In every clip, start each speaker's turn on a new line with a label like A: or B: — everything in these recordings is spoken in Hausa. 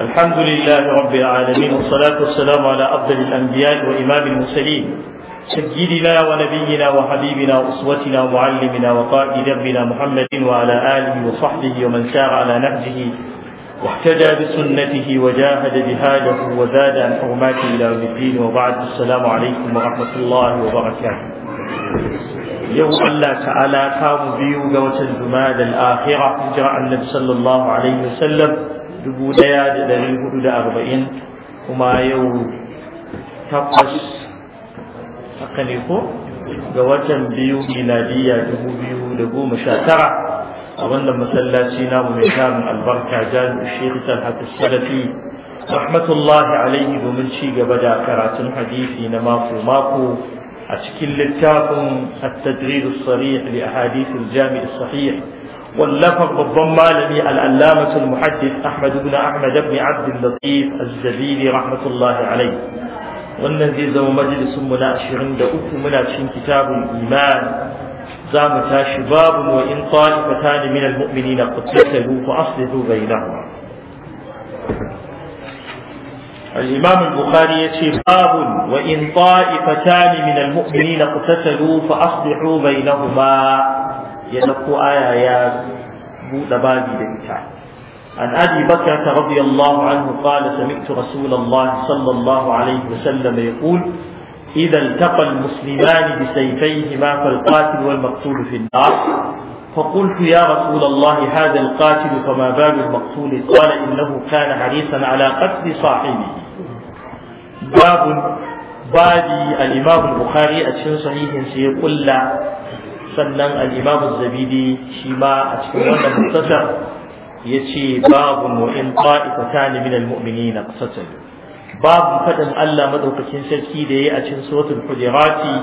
A: الحمد لله رب العالمين والصلاة والسلام على أفضل الأنبياء وإمام المرسلين سيدنا ونبينا وحبيبنا وأسوتنا ومعلمنا وقائد ربنا محمد وعلى آله وصحبه ومن سار على نهجه واحتجى بسنته وجاهد جهاده وزاد عن حرماته إلى يوم الدين وبعد السلام عليكم ورحمة الله وبركاته yau Allah ta'ala ta mu biyu ga watan da al-Akhirah hijira Annabi sallallahu alaihi da arba'in, kuma yau takwas haka ne ko ga watan biyu miladiya 2019 a wannan masallaci namu mai kamun albarka jami'u shekhi talhat salafi rahmatullahi alaihi domin ci gaba da karatun hadisi na mako mako أتكل للتافن التدريد الصريح لأحاديث الجامع الصحيح واللفظ بالضمة لدي العلامة المحدث أحمد بن أحمد بن عبد اللطيف الزبيدي رحمة الله عليه wannan zai zama majalisun mu na ashirin da uku muna cikin kitabun iman za mu tashi babu wa in ta'ifata ne min al-mu'minina qad tasalu fa aslihu bainahuma الإمام البخاري يشي باب وإن طائفتان من المؤمنين اقتتلوا فأصلحوا بينهما يدق آية يا بابي عن أبي بكرة رضي الله عنه قال سمعت رسول الله صلى الله عليه وسلم يقول إذا التقى المسلمان بسيفيهما فالقاتل والمقتول في النار فقلت ya رسول الله هذا القاتل فما بال المقتول قال انه كان حريصا على قتل صاحبه باب بابي الامام البخاري اشن صحيح سيقول لا sannan al-imam az-zabidi shi ma a cikin wannan mutasar yace babu mu'in qa'ifatan min al-mu'minin qasatan babu fadan Allah madaukakin sarki da yayi a cikin suratul hujurati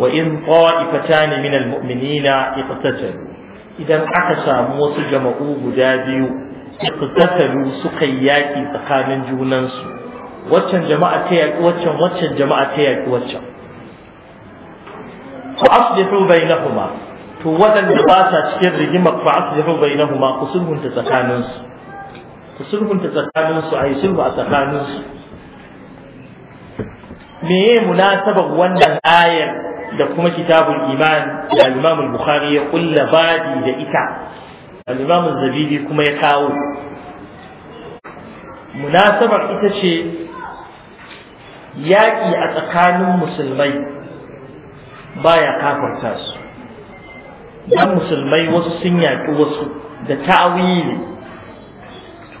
A: wa in qa'ifatan min al-mu'minin qasatan idan aka samu wasu jama'u guda biyu iqtatalu suka yi yaƙi tsakanin junansu waccan jama'a ta yaƙi waccan waccan jama'a ta yaƙi waccan fa aslihu bainahuma to waɗanda ba sa cikin rigima fa aslihu bainahuma ku sulhunta tsakaninsu ku sulhunta tsakaninsu ayi sulhu a tsakaninsu meye munasabar wannan ayar da kuma kitabun iman da al-imam bukhari ya kulla badi da ita al-imam kuma ya kawo munasabar ita ce yaƙi a tsakanin musulmai baya kafarta su dan musulmai wasu sun yaƙi wasu da ta'awili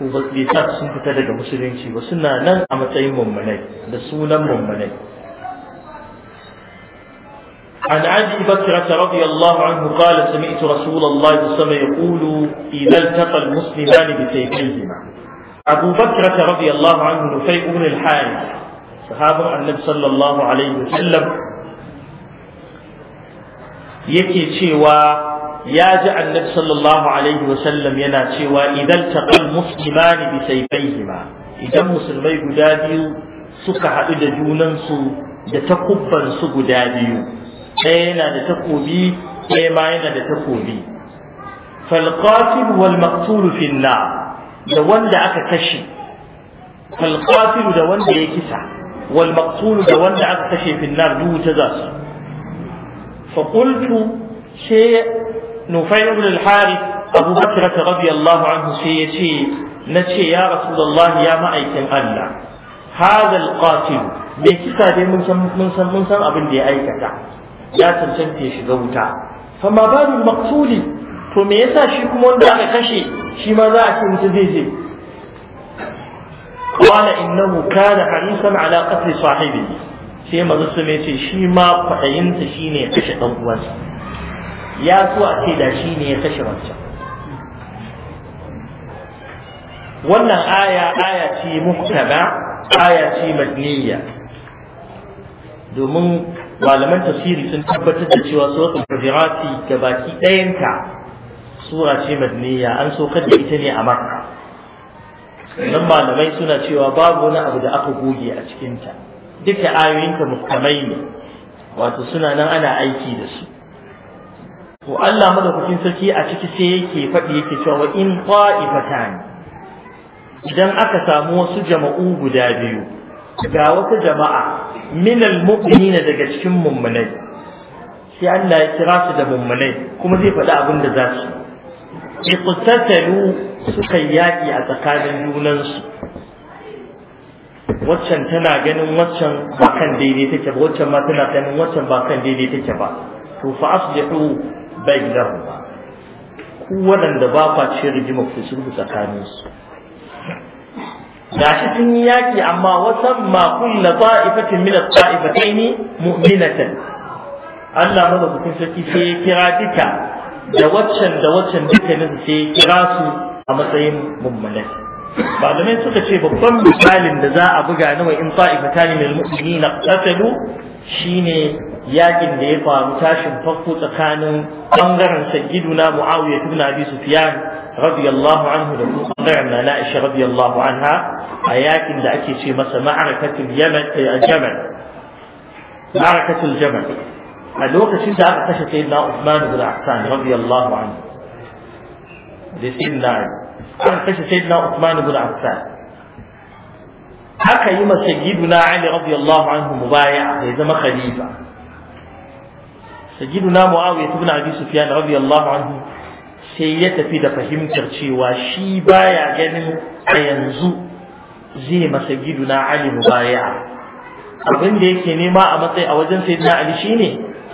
A: su ba bai sa sun fita daga musulunci ba suna nan a matsayin mummunai da sunan mummunai عن عدي بكرة رضي الله عنه قال سمعت رسول الله صلى الله عليه وسلم يقول إذا التقى المسلمان بسيفيهما أبو بكرة رضي الله عنه نفيء بن الحارث صحابة النبي صلى الله عليه وسلم يكي شيوا ya ji annabi sallallahu alaihi wa sallam yana cewa idan taqal muslimani bi sayfayhima idan musulmai guda biyu suka haɗu da junansu da takubban su guda biyu ɗaya yana da takobi ɗaya ma yana da takobi fal qatil wal maqtul fi da wanda aka kashe fal qatil da wanda ya kisa wal maqtul da wanda aka kashe fi nar duhu ta zasu fa qultu sai nufai ibn al-harith abu bakr radiyallahu anhu sai yace nace na ce ya rasulullahi ya ma'aikin Allah hadha al me kisa dai mun san mun ya aikata ya cancanta shi ga wuta fa ma balu to me yasa shi kuma wanda aka kashe shi ma za a ce mutu zai je قال إنه كان حريصا على قتل sai manzo su ce shi ma kwaɗayinsa shi ne kashe ɗan uwansa ya so a ce da shi ne ya kashe wancan wannan aya aya ce muktaba aya ce madniya domin malaman tafsiri sun tabbatar da cewa suratul ga baki ɗayanta sura ce madniya an so da ita ne a makka
B: nan malamai
A: suna cewa babu wani abu da aka goge a cikinta duka ayoyinta muhkamai ne wato suna nan ana aiki da su to Allah madaukakin sarki a ciki sai yake faɗi yake cewa wa in qa'ifatan idan aka samu wasu jama'u guda biyu ga wata jama'a min mu'minina daga cikin mummunai sai Allah ya kira su da mummunai kuma zai faɗi abin da za su iqtatalu suka yaƙi a tsakanin junansu waccan tana ganin waccan ba kan daidai take ba waccan ma tana ganin waccan ba kan daidai take ba to fa asbihu ruwa ku waɗanda ba kwa ce rigima ku sulhu tsakanin su gashi tun yi amma wasan ma kulla ta'ifatin min at-ta'ifatayn mu'minatan Allah madaukakin sarki sai ya kira duka da waccan da waccan ne sai ya kira su a matsayin mummunai malamai suka ce babban misalin da za a buga wa in ta'ifata ne mai mu'mini na shine yakin da ya faru tashin farko tsakanin bangaren na muawiya ibn abi sufyan radiyallahu anhu da kuma bangaren nana aisha radiyallahu anha a yakin da ake ce masa ma'arakatul yaman eh, jamal ma'arakatul jamal a lokacin da aka kashe na usman ibn affan radiyallahu anhu da sayyidina an kashe na usman ibn affan haka yi masa sayyiduna ali radiyallahu anhu mubaya'a ya zama khalifa sajiduna muawiya ibn abi sufyan radiyallahu anhu sai ya tafi da fahimtar cewa shi baya ganin a yanzu zai masa giduna ali mubaya abin da yake nema a matsayi a wajen sayyidina ali shine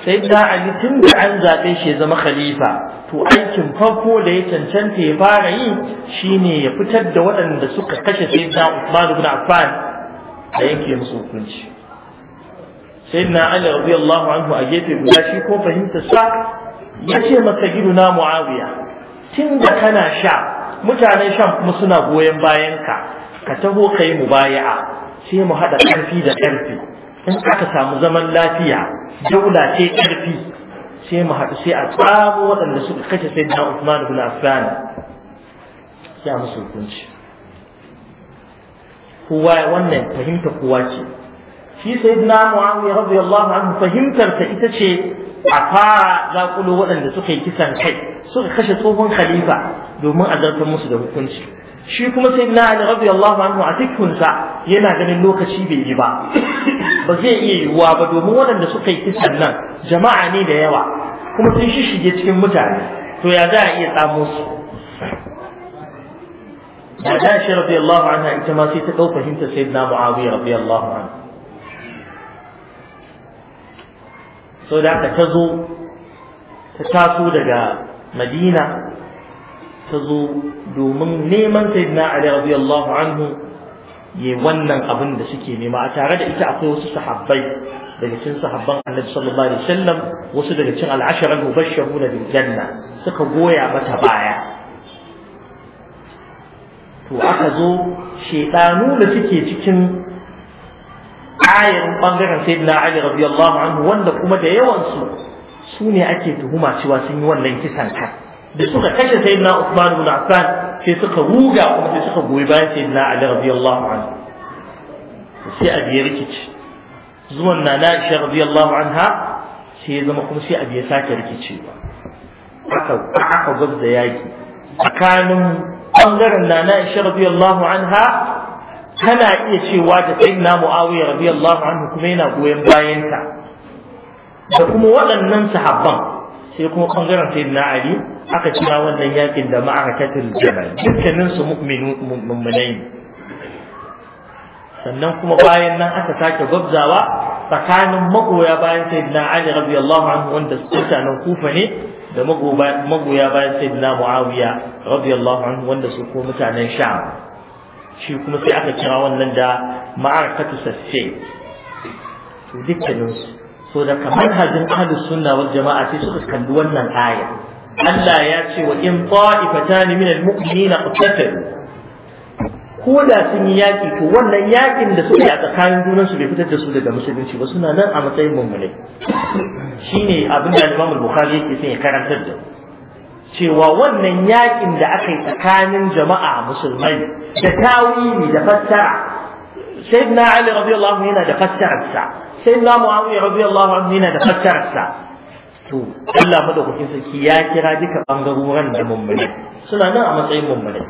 A: sayyidina ali tun da an zaɓe shi ya zama khalifa to aikin farko da ya cancanta ya fara yi shine ya fitar da waɗanda suka kashe sayyidina Usman bin Affan a yanke musu hukunci sayyidina ali radiyallahu anhu a gefe guda shi ko fahimta sa yace masa giduna muawiya tun da kana sha mutanen shan kuma suna goyon bayan ka ka taho mu mubaya'a sai mu haɗa karfi da ƙarfi in aka samu zaman lafiya daula ce karfi sai mu haɗu sai a tsamo waɗanda suka kashe sai na Uthman ibn Affan Ya a musu hukunci kowa wannan fahimta kowa ce shi sayyidina muawiya radiyallahu anhu fahimtar ta ita ce a fara zakulo waɗanda suka yi kisan kai suka kashe tsohon khalifa domin a zartar musu da hukunci shi kuma sayyidina ali radiyallahu anhu a cikinsa yana ganin lokaci bai yi ba ba zai iya yiwuwa ba domin waɗanda suka yi kisan nan jama'a ne da yawa kuma sun shige cikin mutane to ya za a iya tsamo su da Aisha radiyallahu anha ita ma sai ta ɗau fahimtar sayyidina Muawiya radiyallahu anhu so da aka ta zo ta taso daga madina ta zo domin neman sayyidina ali radiyallahu anhu yi wannan abin da suke nema a tare da ita akwai wasu sahabbai daga cikin sahabban annabi sallallahu alaihi wasallam wasu daga cin al'ashara mubashshiruna bil janna suka goya mata baya to aka zo shedanu da suke cikin ayarin bangaren sayyidina ali radiyallahu anhu wanda kuma da yawan su su ne ake tuhuma cewa sun yi wannan kisan kai da suka kashe na Uthman ibn Affan sai suka ruga kuma sai suka goyi bayan sayyidina ali radiyallahu anhu sai a biye rikici zuwan na na Aisha radiyallahu anha sai ya zama kuma sai a biye sake rikicewa aka aka gabza yaki tsakanin bangaren na na Aisha radiyallahu anha kana iya cewa da sayyidina muawiya radiyallahu anhu kuma yana goyon bayan ta da kuma waɗannan sahabban sai kuma ɓangaren sayyidina ali aka kira wannan yakin da ma'arakatul jamal dukkanin su mu'minai sannan kuma bayan nan aka sake gwabzawa tsakanin magoya bayan sayyidina ali radiyallahu anhu wanda nan kufa ne da magoya bayan sayyidina muawiya radiyallahu anhu wanda su ko mutanen sha'a shi kuma sai aka kira wannan da ma'arkatu sasse to dukkanin su so da kamar hajin ahli sunna wal jama'a sai suka kalli wannan aya Allah ya ce wa in ta'ifatan min al-mu'minina qatatal ko da sun yi yaki to wannan yakin da suke a tsakanin junan su bai fitar da su daga musulunci ba suna nan a matsayin mummunai shine abin da Imam Bukhari yake son ya karantar da mu cewa wannan yakin da aka yi tsakanin jama'a musulmai da tawili da fassara na ali radiyallahu anhu yana da fassararsa na muawiya radiyallahu anhu yana da fassararsa to Allah madaukakin sarki ya kira duka bangarorin da mummune suna nan a matsayin mummune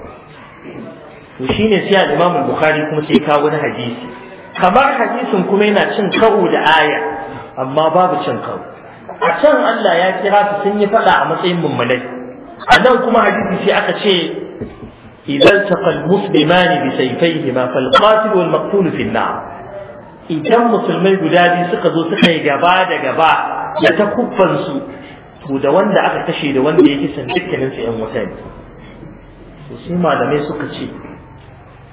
A: to shine sai al-Imam Bukhari kuma sai kawo wani hadisi kamar hadisin kuma yana cin karo da aya amma babu cin karo a can Allah ya kira su sun yi fada a matsayin mummunai a nan kuma hadisi sai aka ce idan taqal muslimani bi sayfayhima fal qatil wal maqtul fi idan musulmai guda biyu suka zo suka yi gaba da gaba da ta kuffan su to da wanda aka kashe da wanda yake san dukkanin su ƴan wuta ne to sai malamai suka ce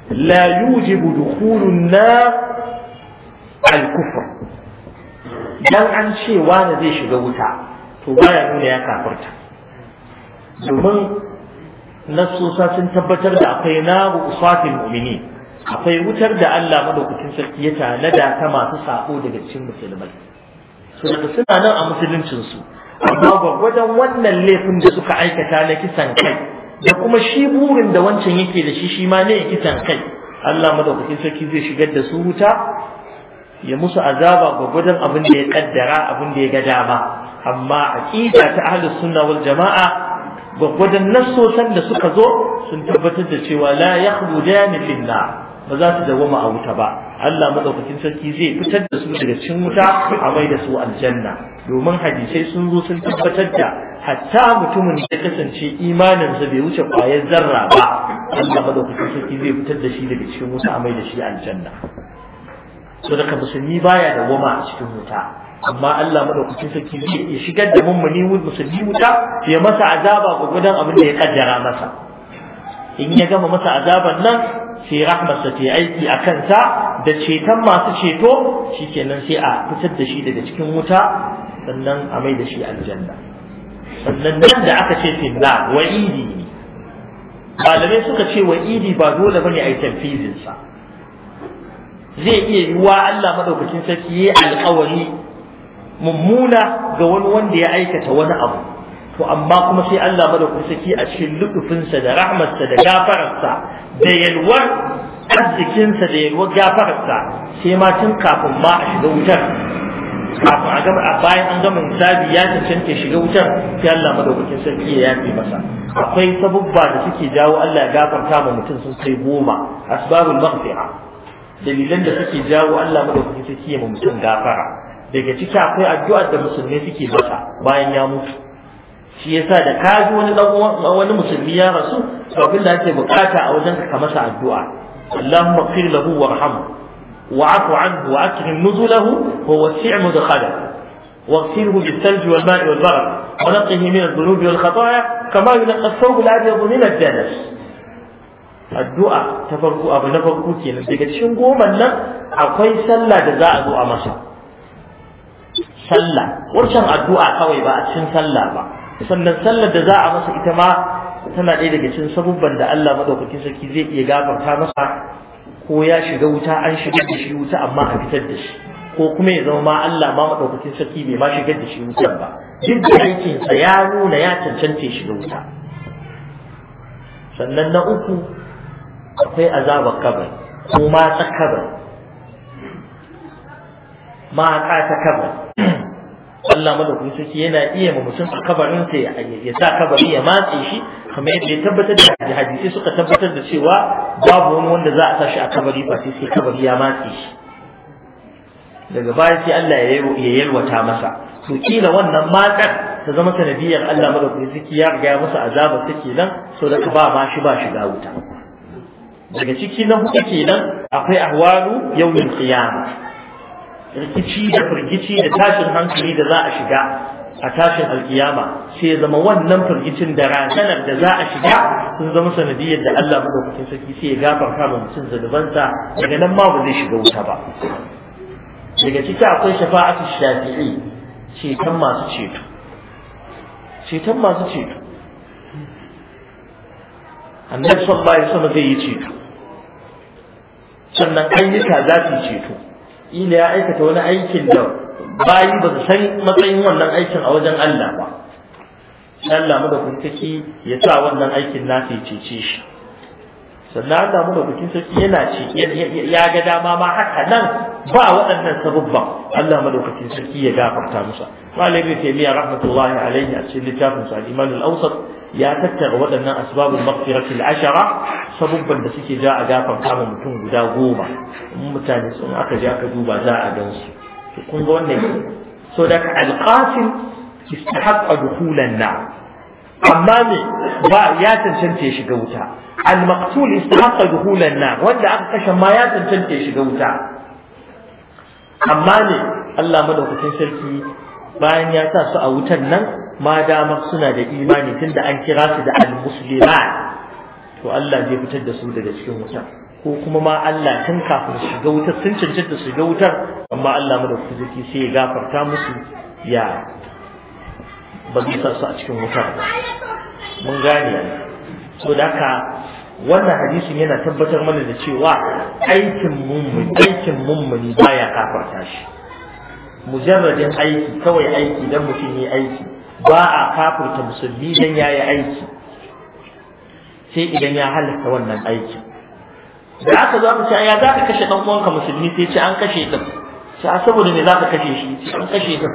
A: la yujibu dukhulun nar al kufr dan an ce wanda zai shiga wuta to baya nuna ya kafarta domin nasusa sun tabbatar da akwai na usatil mu'mini akwai wutar da Allah madaukakin sarki ya tanada ta masu sako daga cikin musulmai su daga suna nan a musuluncin su amma gwagwajen wannan laifin da suka aikata na kisan kai da kuma shi burin da wancan yake da shi shi ma ne kisan kai Allah madaukakin sarki zai shigar da su wuta ya musu azaba gwagwadon abin da ya kaddara abin da ya ga dama amma aqida ta ahlus sunna wal jama'a gwagwadon nassosan da suka zo sun tabbatar da cewa la yakhrujani fil nar ba za su dawama a wuta ba Allah madaukakin sarki zai fitar da su daga cikin wuta a mai da su aljanna domin hadisai sun zo sun tabbatar da hatta mutumin da kasance imaninsa bai wuce kwayar zarra ba Allah madaukakin sarki zai fitar da shi daga cikin wuta a mai da shi aljanna so daga musulmi baya dawama a cikin wuta amma Allah madaukakin sarki zai iya shigar da mummuni musulmi wuta ya masa azaba gudan abin da ya kaddara masa in ya gama masa azaban nan sai rahmarsa ta aiki a kansa da ceton masu ceto shikenan sai a fitar da shi daga cikin wuta sannan a mai da shi aljanna sannan nan da aka ce finna wa'idi malamai suka ce wa'idi ba dole bane a yi tafizinsa zai iya yiwuwa Allah madaukakin sarki ya alkawari mummuna ga wani wanda ya aikata wani abu to amma kuma sai Allah madaukakin saki a cikin lutufinsa da rahmarsa da gafararsa da yalwar arzikinsa da yalwar gafararsa sai ma tun kafin ma a shiga wutar kafin a gama bayan an gama hisabi ya cancanta shiga wutar sai Allah madaukakin sarki ya yafe masa akwai sabubba da suke jawo Allah ya gafarta ma mutum sun kai goma asbabul maghfira dalilan da suke jawo Allah madaukakin sarki ya mutum gafara daga ciki akwai addu'ar da musulmi suke masa bayan ya mutu shi yasa da ka ji wani dan wani musulmi ya rasu to abin da ake bukata a wajen ka masa addu'a اللهم اغفر له وارحمه وعف عنه واكرم نزله ووسع مدخله واغسله بالثلج والماء والبرد ونقه من الذنوب والخطايا كما ينقى الثوب الابيض من الدنس addu'a ta farko abu na farko kenan daga cikin goma nan akwai sallah da za a zo a masa sallah wancan addu'a kawai ba a cikin sallah ba sannan sallar da za a masa ita ma tana ɗaya daga cikin sabubban da Allah madaukakin sarki zai iya gafarta masa ko ya shiga wuta an shiga da shi wuta amma a fitar da shi ko kuma ya zama ma Allah ma madaukakin sarki bai ma shigar da shi wuta ba duk da aikin sa ya nuna ya shi shiga wuta sannan na uku akwai azabar kabar ko ma tsakabar ma ta kabar Allah madaukakin sarki yana iya ma mutum a kabarin sa ya sa kabari ya matse shi kamar yadda ya tabbatar da hadisi suka tabbatar da cewa babu wani wanda za a sa shi a kabari ba sai sai kabari ya matse shi daga baya sai Allah ya yalwata masa to kila wannan matsar ta zama sanadiyar Allah madaukakin sarki ya riga masa azaba take nan so da ba ma shi ba shiga wuta daga ciki na hudu kenan akwai ahwalu yawmin qiyamah rikici da firgici da tashin hankali da za a shiga a tashin alkiyama sai ya zama wannan firgicin da ranar da za a shiga sun zama sanadiyar da Allah madaukakin sarki sai ya gafarta ma mutum zanubansa daga nan ma ba zai shiga wuta ba daga ciki akwai shafa'atu shafi'i ceton masu ceto ceton masu ceto annabi sallallahu alaihi wasallam zai yi ceto sannan ayyuka za su ceto ila ya aikata wani aikin da bayi ba su san matsayin wannan aikin a wajen Allah ba Allah mu da kuntaki ya sa wannan aikin na ya cece shi sannan Allah mu da kuntaki yana ce ya ga dama ma haka nan ba waɗannan sabubban Allah madaukakin sarki ya gafarta musa malami taymiya rahmatullahi alaihi a cikin littafin sa al-iman awsat ya tattara waɗannan asbabul maghfiratil ashara sabubban da suke ja a gafan kama mutum guda goma in mutane sun aka je aka duba za a gan su to kun ga wannan so da alqasim istahaqqa dukhulan na amma ne ba ya tantance shiga wuta al-maqtul istahaqqa dukhulan na wanda aka kashe ma ya tantance shiga wuta amma ne Allah madaukakin sarki bayan ya sa su a wutan nan ma suna da imani tunda an kira su da al-musliman to Allah zai fitar da su daga cikin wuta ko kuma ma Allah tun kafin su shiga wutar sun cancanta su shiga wutar amma Allah madaukaki zaki sai ya gafarta musu ya ba su a cikin wutar ba mun gane so da haka wannan hadisin yana tabbatar mana da cewa aikin mummuni aikin mummuni baya kafarta shi mujarradin aiki kawai aiki dan mutum yi aiki ba a kafirta musulmi ya yi aiki sai idan ya halatta wannan aikin da aka zo mu ce ya za ka kashe dan uwanka musulmi sai ce an kashe din sai saboda me za ka kashe shi sai an kashe din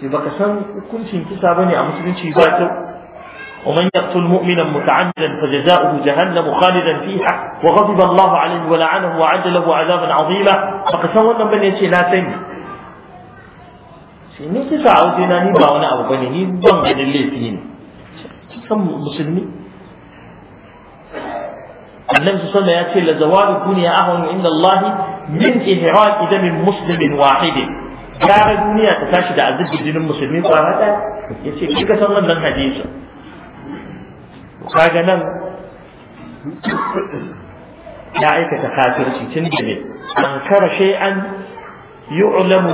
A: sai baka san hukuncin kisa bane a musulunci ba kyau ومن يقتل مؤمنا متعمدا فجزاؤه جهنم خالدا فيها وغضب الله عليه ولعنه وعد له عذابا عظيما فقسم wannan bane yace na sani ce ni kisa a waje na ni ba wani abu bane ni ban ganin laifi ne kan musulmi annabi sallallahu ya ce la zawalu dunya ahwanu inda Allah min ihraq damin muslimin wahid gara duniya ta tashi da azubi jinin musulmi kwara ɗaya ya ce kika san wannan hadisi kaga nan ya aikata kafirci tun da ne an kara shay'an yu'lamu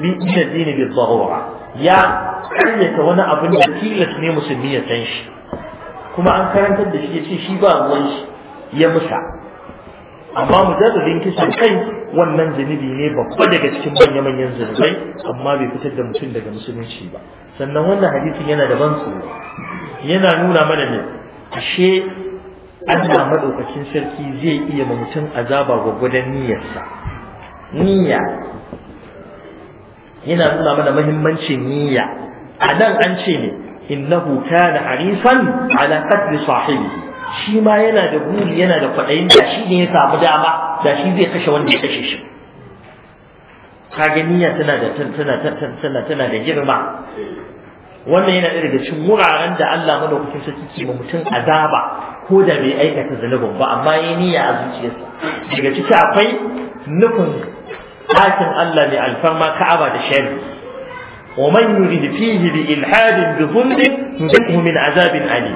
A: min ya karyata wani abin da tilas ne musulmi ya san shi kuma an karantar da shi ya ce shi ba ruwan shi ya musa amma mujarradin kisan kai wannan zunubi ne babba daga cikin manya-manyan zunubai amma bai fitar da mutum daga musulunci ba sannan wannan hadisin yana da ban tsoro yana nuna mana ne ashe Allah madaukakin sarki zai iya ma mutum azaba gwagwadon niyyarsa niyya yana nuna mana mahimmancin niyya a nan an ce ne innahu kana harifan ala qatl sahibi shi ma yana da buri yana da kwaɗayin da shi ne ya samu dama da shi zai kashe wanda ya kashe shi kaga niyya tana da tana tana tana da girma wannan yana da daga cikin wuraren da Allah madaukakin sa ke ma mutum azaba ko da bai aikata zunubin ba amma ya niyya a zuciyarsa daga ciki akwai nufin ɗakin Allah mai alfarma Ka'aba da shari wa man yurid fihi bi ilhadin bi zulmin nudhihu min azabin ali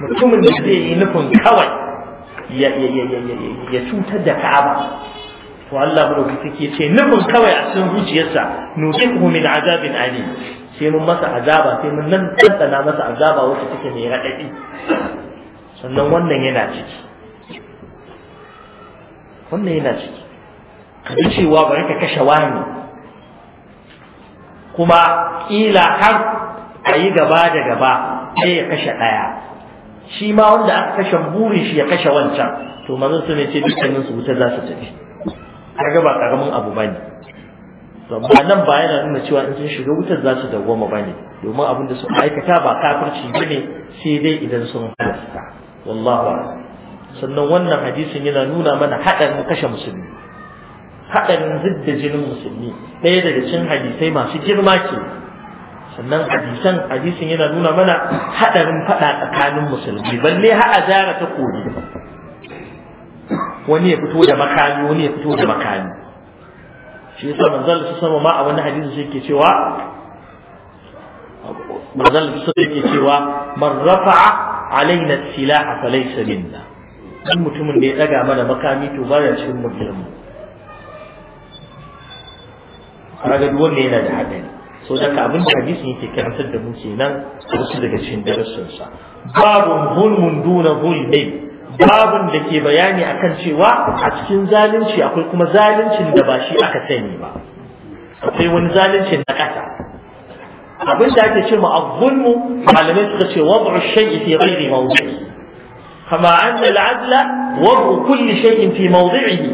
A: mutumin da zai yi nufin kawai ya cutar da Ka'aba to Allah madaukaki take ce nufin kawai a cikin zuciyarsa nudhihu min azabin ali sai mun masa azaba sai mun nan tsantsana masa azaba wacce take mai radadi. sannan wannan yana ciki wannan yana ciki ka ji cewa bari ka kashe wani kuma kila har a yi gaba da gaba sai ya kashe ɗaya shi ma wanda aka kashe buri shi ya kashe wancan to manzon sun ce dukkanin su wuta za su tafi kaga ba karamin abu ba ne. ba nan ba yana nuna cewa in sun shiga wutar za su ba ne, domin abin da suka aikata ba kafirci ne sai dai idan sun halasta wallahu sannan wannan hadisin yana nuna mana haɗarin kashe musulmi haɗarin zidda jinin musulmi ɗaya daga cikin hadisai masu girma ke sannan hadisan hadisin yana nuna mana haɗarin faɗa tsakanin musulmi balle har a jara ta koli wani ya fito da makami wani ya fito da makami shi yasa manzon su sama ma a wani hadisi sai ke cewa manzon su sama ke cewa man rafa'a alaina silaha falaysa minna duk mutumin da ya daga mana makami to baya cikin musulmi kaga duk yana da hadari so da ka abin da hadisi yake karantar da mu kenan wasu daga cikin darasin sa babun hulmun duna hulmin babun da ke bayani akan cewa a cikin zalunci akwai kuma zaluncin da ba shi aka sani ba akwai wani zaluncin na ƙasa abin da ake ce ma az malamai suka ce wad'u shay'i fi ghairi mawdi'i kama anna al wad'u kulli shay'in fi mawdi'ihi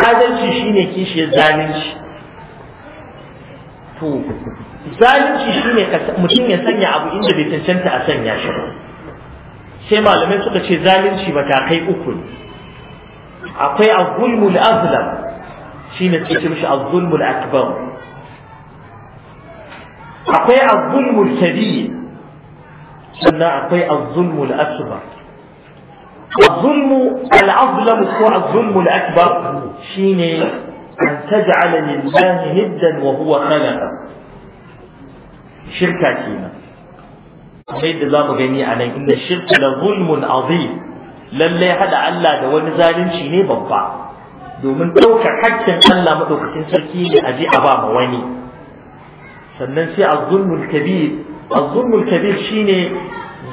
A: adalci shine kishiyar zalunci to zalunci ne mutum ya sanya abu inda bai cancanta a sanya shi sai malamai suka ce zalunci matakai uku ne akwai azulmul azlam shine ke ce mishi azulmul akbar akwai azulmul kabir sannan akwai azulmul asghar الظلم الأظلم هو الظلم shi ne. أن تجعل لله ندا وهو خلقه شركة كينا قيد الله غني عليه إن الشرك لظلم عظيم للي هذا ألا دون ظالم شيني ببع domin ɗaukar hakkin Allah maɗaukacin sarki ne a ji a ba ma wani sannan sai azzulmul kabir kabir shine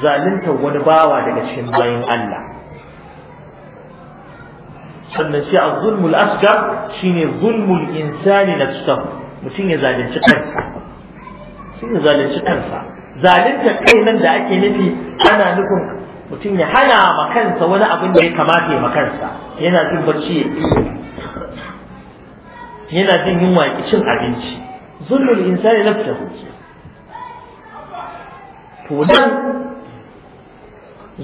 A: zaluntar wani bawa daga cikin bayan Allah sannan sai a zulmul shi shine zulmul insani nafsahu mutum ya zalunci kansa sun ya zalunci kansa zalunta kai nan da ake nufi ana nufin mutum ya hana ma kansa wani abin da ya kamata ya makansa yana jin barci ya yana jin yunwa ya cin abinci zulmul insani nafsahu to nan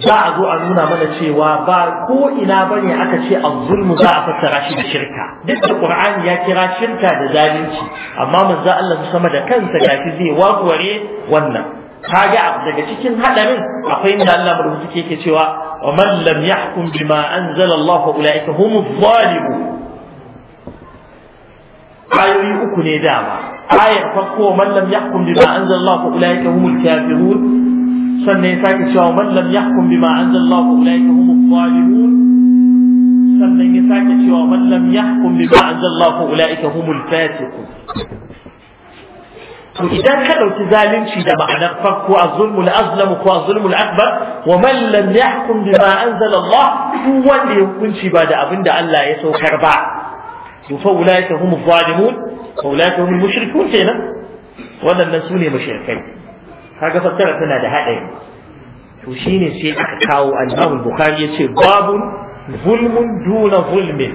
A: za a zo a nuna mana cewa ba ko ina bane aka ce az-zulmu za a fassara shi da shirka duk da qur'ani ya kira shirka da zalunci amma manzo Allah sama da kansa gafi zai wakware wannan kaga daga cikin hadarin akwai inda Allah madaukaki yake cewa wa man lam yahkum bima anzala Allah fa ulaika humuz zalimun ayoyi uku ne dama ayar farko man lam yahkum bima anzala Allah fa ulaika humul kafirun sannan ya sake cewa man lam yahkum bima anzalallahu ulaika humuz zalimun sannan ya sake cewa man lam yahkum bima anzalallahu ulaika humul fasiqun to idan ka dauki zalunci da ma'anar farko az-zulmul azlamu ko az-zulmul akbar wa man lam yahkum bima anzalallah duk wanda ya hukunci ba da abin da Allah ya saukar ba to fa ulaika humuz zalimun fa ulaika humul mushrikun kenan waɗannan su ne mushrikai kaga fassara tana da haɗari to shine sai aka kawo al-Imam Bukhari yace babu zulmun duna zulmin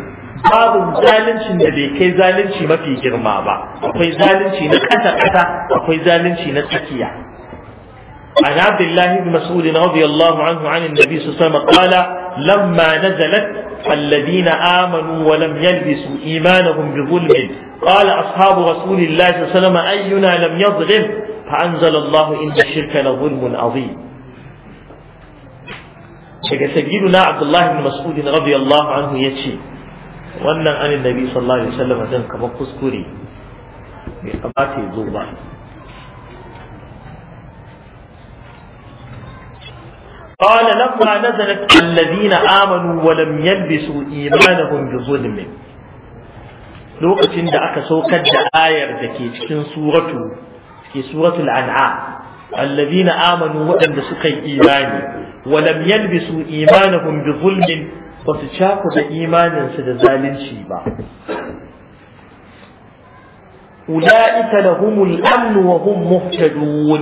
A: babu zaluncin da bai kai zalunci mafi girma ba akwai zalunci na kasa kasa akwai zalunci na tsakiya عن عبد الله بن مسعود رضي الله عنه عن النبي صلى الله عليه وسلم قال لما نزلت الذين آمنوا ولم يلبسوا إيمانهم بظلم قال أصحاب رسول الله صلى الله عليه وسلم أينا لم يظلم فأنزل الله إن الشرك لظلم عظيم daga sayyiduna Abdullah ibn Mas'ud radiyallahu anhu yace wannan an annabi sallallahu alaihi wasallam dan kamar kuskure bai kamata ya zo ba قال لما نزلت الذين آمنوا ولم يلبسوا إيمانهم بظلم لوقت عند أكسوكت آية ذكي في ke suratul an'am الذين آمنوا وأن سقي إيماني ولم يلبسوا إيمانهم بظلم فسشاكوا إيمانا سدزال شيبا أولئك لهم الأمن وهم مهتدون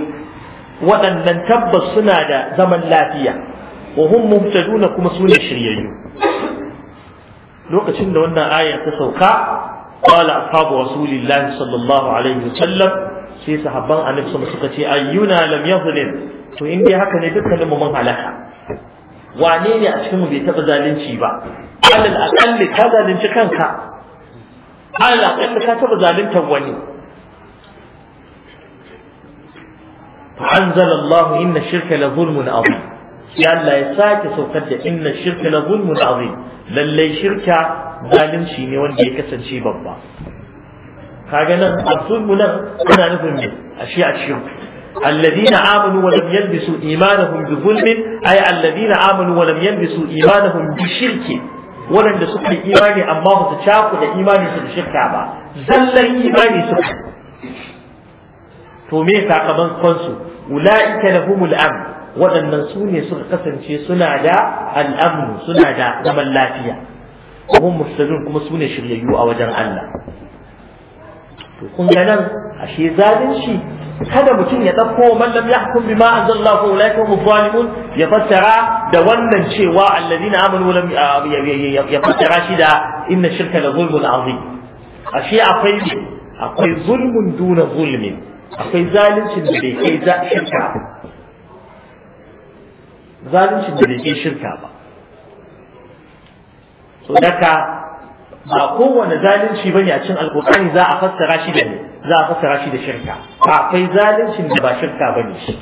A: waɗannan tabbas suna da zaman lafiya wa hum muhtaduna kuma sune shiryayyu lokacin da wannan aya ta sauka qala ashabu rasulillahi sallallahu alaihi wasallam sai sahabban annabi suka ce ayyuna lam yadhlim to in dai haka ne dukkanin mu mun halaka wane ne a cikin mu bai taba zalunci ba alal aqalli ka zalunci kanka alal aqalli ka taba zaluntar wani فأنزل الله إن ya لظلم ya sake saukar da inna إن الشرك لظلم عظيم lallai shirka zalunci ne wanda ya kasance babba. kaga nan asulmu nan ana nufin ne a shi a cikin الذين آمنوا ولم يلبسوا إيمانهم بظلم أي الذين آمنوا ولم يلبسوا إيمانهم بشرك ولن سكر إيمان أما هو تشاق إيمان سكر كعبا زل إيمان سكر توميتا كمان كونسو أولئك لهم الأمن waɗannan su ne suka kasance suna da al'amnu suna da zaman lafiya kuma musulun kuma su ne shiryayyu a wajen Allah to kun ga nan ashe zalunci kada mutum ya ɗauko mallam ya hukum bima anzalallahu wa ulaikum muzalimun ya fassara da wannan cewa alladina amanu lam ya fassara shi da inna shirka la zulmun azim ashe akwai akwai zulmun duna zulmin akwai zaluncin da bai kai shirka zaluncin da bai kai shirka ba so daga ba kowane zalunci bane a cikin alkur'ani za a fassara shi da ne za a fassara shi da shirka akwai zaluncin da ba shirka bane shi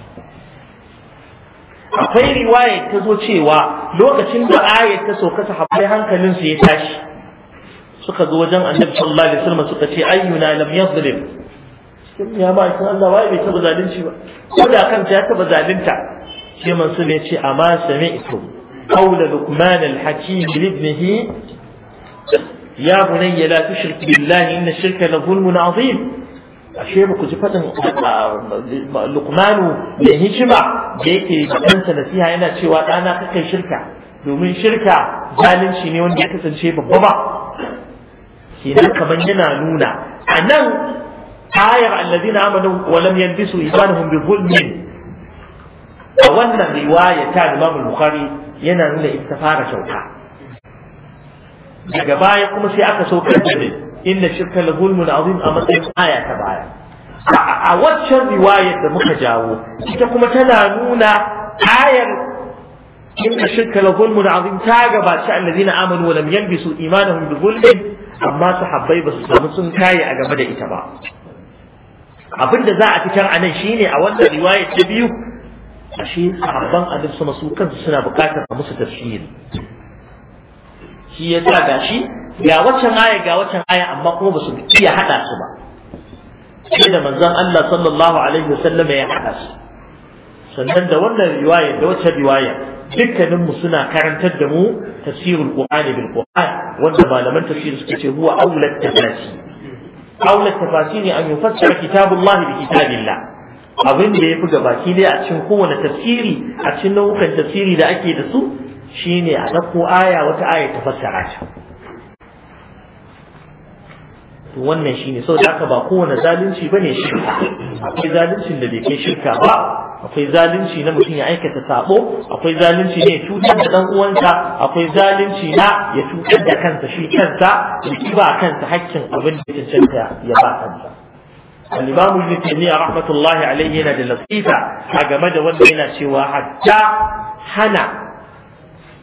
A: akwai riwaya ta zo cewa lokacin da ayat ta sauka sahabbai hankalin su ya tashi suka zo wajen annabi sallallahu alaihi wasallam suka ce ayyuna lam yadhlim ya ba kin Allah wai bai taba zalunci ba ko da kanta ya taba zalunta sai mansu ne ce amma sami'tu qawla luqman al-hakim li ibnihi ya bunayya la tushrik billahi inna shirka la zulmun azim ashe ba ku ji faɗin luqmanu da hikima da yake ɗansa nasiha yana cewa ɗana kakai shirka domin shirka zalunci ne wanda ya kasance babba ba kenan kaman yana nuna a nan ayar allazina amanu wa lam yanbisu imanuhum bi zulmin a wannan riwaya ta Imam Bukhari yana nuna ita fara kyauta daga baya kuma sai aka so kai ne inna shirka la zulmun azim a matsayin aya ta baya a waccan riwayar da muka jawo ita kuma tana nuna ayar inna shirka la zulmun azim ta gabaci allazina amanu wa lam yalbisu imanahum bi zulmin amma sahabbai ba su samu sun kai a game da ita ba abin da za a fitar a nan shine a wannan riwaya ta biyu ashe sahabban annabi sama su kansu suna bukatar a musu tafsiri shi ya sa gashi ga waccan aya ga waccan aya amma kuma ba su iya haɗa su ba sai da manzon Allah sallallahu alaihi wasallam ya haɗa su sannan da wannan riwaya da wacce riwaya dukkanin mu suna karantar da mu tafsirul qur'ani bil qur'an wanda malaman tafsir suka ce huwa awlat tafsir awlat tafsir ne an yufassara kitabullahi bi kitabillah abin da ya fi gabaki dai a cikin kowane tafsiri a cikin nau'ukan tafsiri da ake da su ne a ɗauko aya wata aya ta fassara ta to wannan shine saboda haka ba kowane zalunci bane shirka akwai zaluncin da bai kai shirka ba akwai zalunci na mutum ya aikata sabo akwai zalunci ne ya cutar da dan uwansa akwai zalunci na ya cutar da kansa shi kansa ya ba kansa hakkin abin da ya cancanta ya ba kansa الإمام ابن تيمية رحمة الله عليه هنا للصيفة حاجة مدى وانا هنا شوى حتى هنا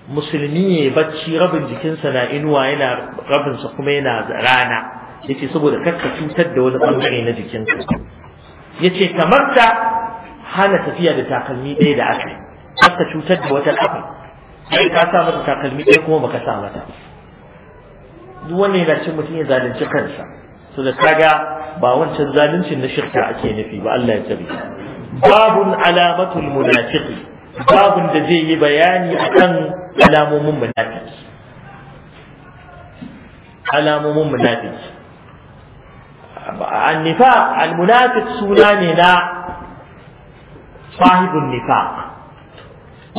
A: musulmi ya bacci rabin jikinsa na inuwa yana rabinsa kuma yana rana yace saboda kakka cutar da wani bangare na jikinka yace kamar ta hana tafiya da takalmi ɗaya da aka kakka cutar da wata kafa sai ka sa mata takalmi ɗaya kuma baka sa mata duk wanda yana cin mutum ya zalunci kansa Sada da kaga ba wancan zaluncin na shirka ake nufi ba Allah ya tsare babun alamatul munafiqi babun da zai yi bayani akan alamomin munafiki alamomin munafiki annifaq almunafiq suna ne na sahibun nifaq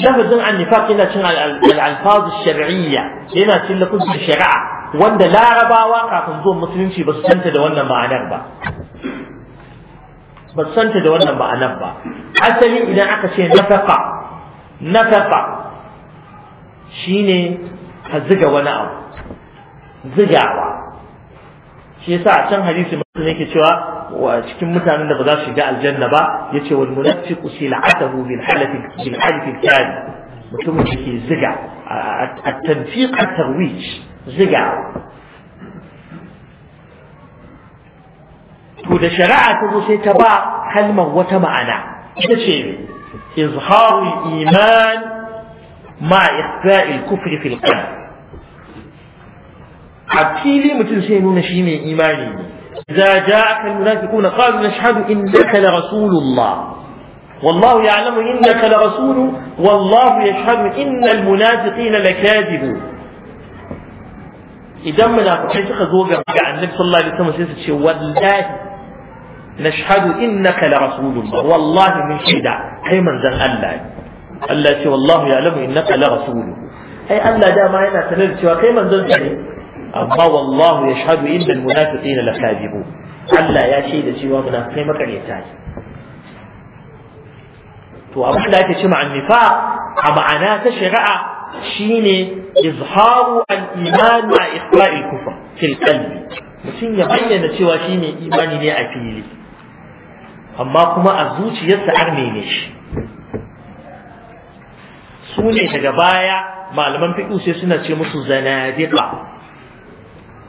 A: lafazin annifaq yana cin al-alfaz shar'iyya yana cin lafazin shari'a wanda larabawa kafin zuwan musulunci ba su santa da wannan ma'anar ba ba su santa da wannan ma'anar ba asali idan aka ce nafaka nafasa shine ka ziga wani abu zigawa shi yasa a can hadisi mutum yake cewa wa cikin mutanen da ba za su shiga aljanna ba yace wal munafiqu sil'atuhu bil halafi bil halafi kadi mutum da ke ziga at-tanfiq at-tarwij ziga to da shari'a ta zo sai ta ba kalmar wata ma'ana ita ce إظهار الإيمان مع إخفاء الكفر في القلب عبتيلي متنسينون شيني إيماني إذا جاءك المنافقون قالوا نشهد إنك لرسول الله والله يعلم إنك لرسول والله يشهد إن المنافقين لكاذبون idan munafikai suka zo ga النبي صلى الله عليه وسلم su ce wallahi نشهد إنك لرسول الله والله من شهد أي من زن الله الله والله يعلم إنك لرسول أي الله دا ما ينا سنر سوى كي من زن أما والله يشهد إن المنافقين لكاذبون الله يا شهد سوى منافقين مكان يتاج تو أبو لا يتشمع النفاق أنا تشرع شيني إظهار الإيمان مع إخفاء الكفر في القلب mutum ya bayyana cewa shi ne imani ne a fili amma kuma a zuciyarsa arne ne shi su ne daga baya malaman fiƙu sai suna ce musu zanadiƙa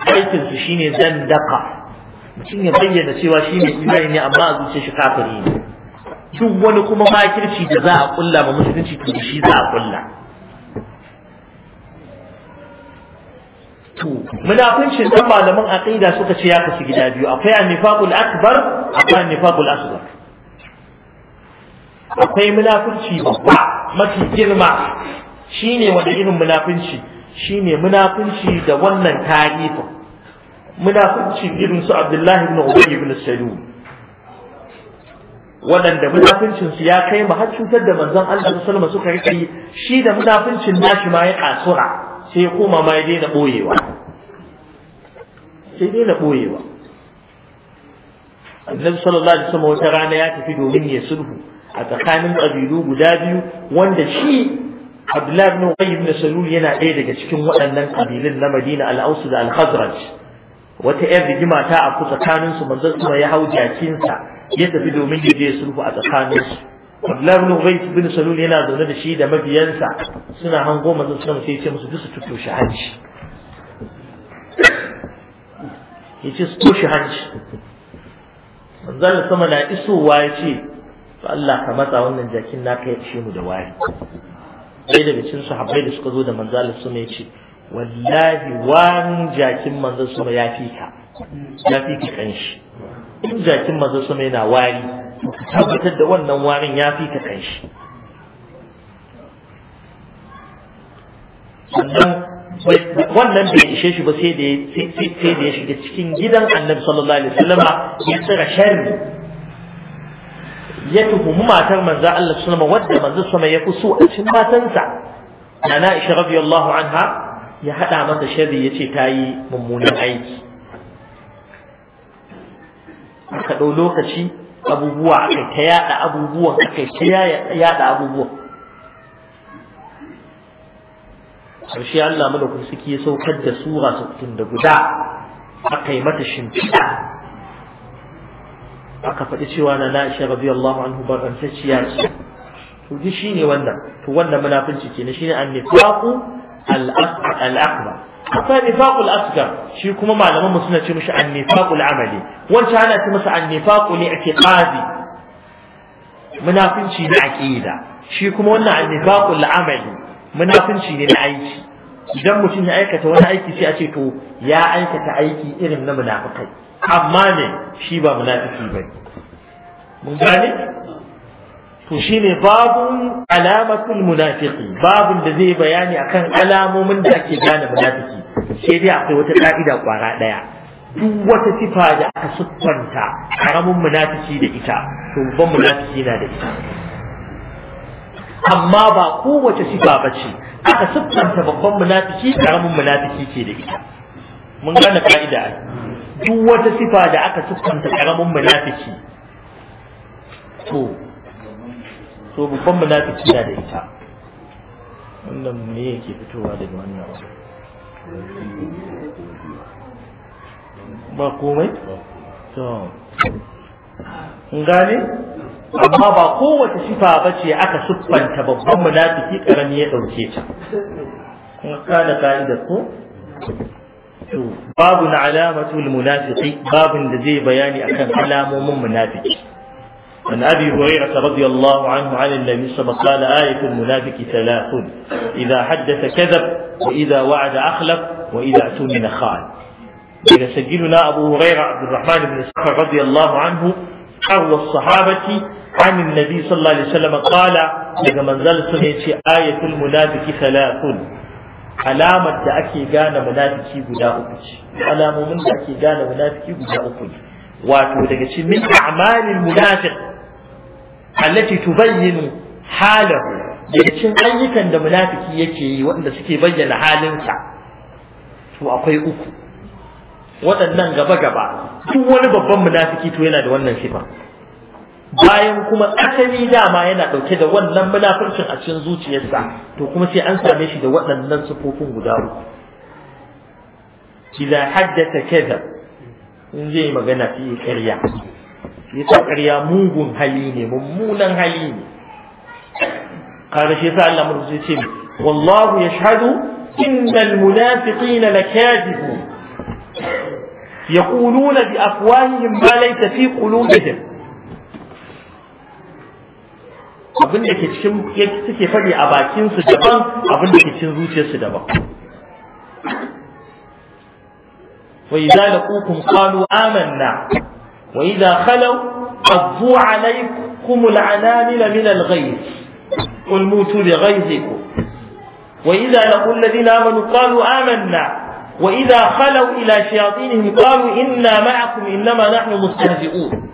A: aikinsu shine zandaka mutum ya bayyana cewa shi ne imani ne amma a zuciyar shi kafiri ne duk wani kuma makirci da za a kulla ma musulunci to shi za a kulla to munafincin dan malaman aqida suka ce ya kasu gida biyu akwai annifaqul akbar akwai annifaqul asghar akwai munafinci babba mafi girma shine wanda irin munafinci shine munafinci da wannan tarifa munafincin irin su Abdullahi ibn Ubay ibn Salul waɗanda munafincin su ya kai mu har cutar da manzon Allah sallallahu alaihi wasallam suka yi shi da munafincin nashi ma ya kasura sai ya koma ma ya daina ɓoyewa sai daina ɓoyewa annabi sallallahu alaihi wasallam wata rana ya tafi domin ya sulhu a tsakanin ƙabilu guda biyu wanda shi Abdullah ibn Ubay ibn Salul yana ɗaya daga cikin waɗannan ƙabilun na Madina al-Aws da al-Khazraj wata ƴar rigima ta tsakaninsu, tsakanin su manzon ya hau jakinsa ya tafi domin ya je sulhu a tsakaninsu Abdullahi bin Ubay bin Salul yana zaune da shi da mabiyansa suna hango manzo suna sai ya ce musu duk su shi hanci ya ce su toshe hanci manzo sama na isowa ya ce to Allah ka matsa wannan jakin na kai shi mu da wari sai daga cikin sahabbai da suka zo da manzo Allah sama ya ce wallahi warin jakin manzo sama ya fi ka ya fi ka kanshi in jakin manzo sama yana wari to ka tabbatar da wannan warin ya fi ka kan shi sannan wannan bai ishe shi ba sai da ya shiga cikin gidan annabi sallallahu alaihi wasallama ya tsira sharri ya tuhumi matar manzo Allah sallama wadda manzo sama ya fi so a cikin matansa nana Aisha radiyallahu anha ya hada masa sharri yace ta yi mummunan aiki aka ɗau lokaci abubuwa aka ta yada abubuwa, aka ta yada abubuwa. harshe Allah malaku suke ya saukar da sura sukutun da guda aka yi mata shimfiɗa aka faɗi cewa na na'isha radiyallahu anhu barantacciya ce to shi ne wannan to wannan munafinci shi ne an nifaqu al akwai nifaqul asghar shi kuma malaman mu suna ce mishi an-nifaqul amali wancan ana ce masa an-nifaqul i'tiqadi munafinci na aqida shi kuma wannan an-nifaqul amali munafinci ne na aiki idan mutum ya aikata wani aiki sai a ce to ya aikata aiki irin na munafikai amma ne shi ba munafiki bane mun gane to shine babun alamatul munafiqi babun da zai bayani akan alamomin da ake gane munafiki sai dai akwai wata ka'ida kwara daya duk wata sifa da aka siffanta karamin munafiki da ita to babban munafiki na da ita amma ba kowace sifa ba ce aka siffanta babban munafiki karamin munafiki ke da ita mun gane ka'ida duk wata sifa da aka siffanta karamin munafiki to so babban munafiki na da ita wannan me yake fitowa daga wannan ba komai to gane amma ba kowace sifa ba ce aka siffanta babban munafiki karami ya dauke ta kun kana ka'ida ko to babu na alamatul munafiqi babin da zai bayani akan alamomin munafiki عن ابي هريره رضي الله عنه عن النبي صلى الله عليه وسلم قال آية المنافق ثلاث اذا حدث كذب واذا وعد اخلف واذا اؤتمن خان. إذا سجلنا أبو هريرة عبد الرحمن بن سفر رضي الله عنه أروى الصحابة عن النبي صلى الله عليه وسلم قال إذا manzal sun آية المنافق ثلاث علامة تأكي كان منافقي بلا gane علامة من uku ce منافقي بلا ake وأتو munafiki من أعمال المنافق allati tubayyinu halahu daga cikin ayyukan da munafuki yake yi waɗanda suke bayyana halinsa to akwai uku waɗannan gaba gaba duk wani babban munafiki to yana da wannan sifa bayan kuma asali dama yana ɗauke da wannan munafircin a cikin zuciyarsa to kuma sai an same shi da waɗannan sifofin guda uku idza haddatha kadhab in zai magana fi ƙarya nisan ƙarya mugun hali ne mummunan hali ne ƙarshe sa Allah ce wallahu ya shahadu innal munafiqin lakadibu yaquluna bi afwahihim ma laysa fi qulubihim abin da ke cikin yake suke fadi a bakinsu daban abin da ke cikin zuciyar su daban wa idza laqukum qalu amanna وإذا خلوا قضوا عليكم العنامل من الغيظ قل موتوا بغيظكم وإذا لقوا الذين آمنوا قالوا آمنا وإذا خلوا إلى شياطينهم قالوا إنا معكم إنما نحن مستهزئون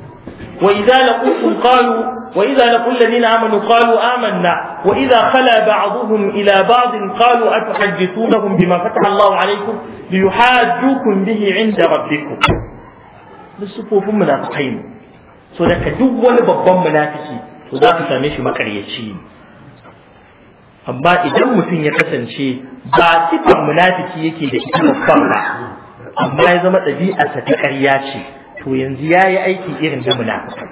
A: وإذا لقوكم قالوا وإذا لقوا الذين آمنوا قالوا آمنا وإذا خلا بعضهم إلى بعض قالوا أتحدثونهم بما فتح الله عليكم ليحاجوكم به عند ربكم duk sufofin munafikai ne so daga duk wani babban munafiki to za ka same shi makaryaci ne amma idan mutum ya kasance ba sifar munafiki yake da ita babban ba amma ya zama sa ta ƙarya ce to yanzu ya yi aiki irin da munafikai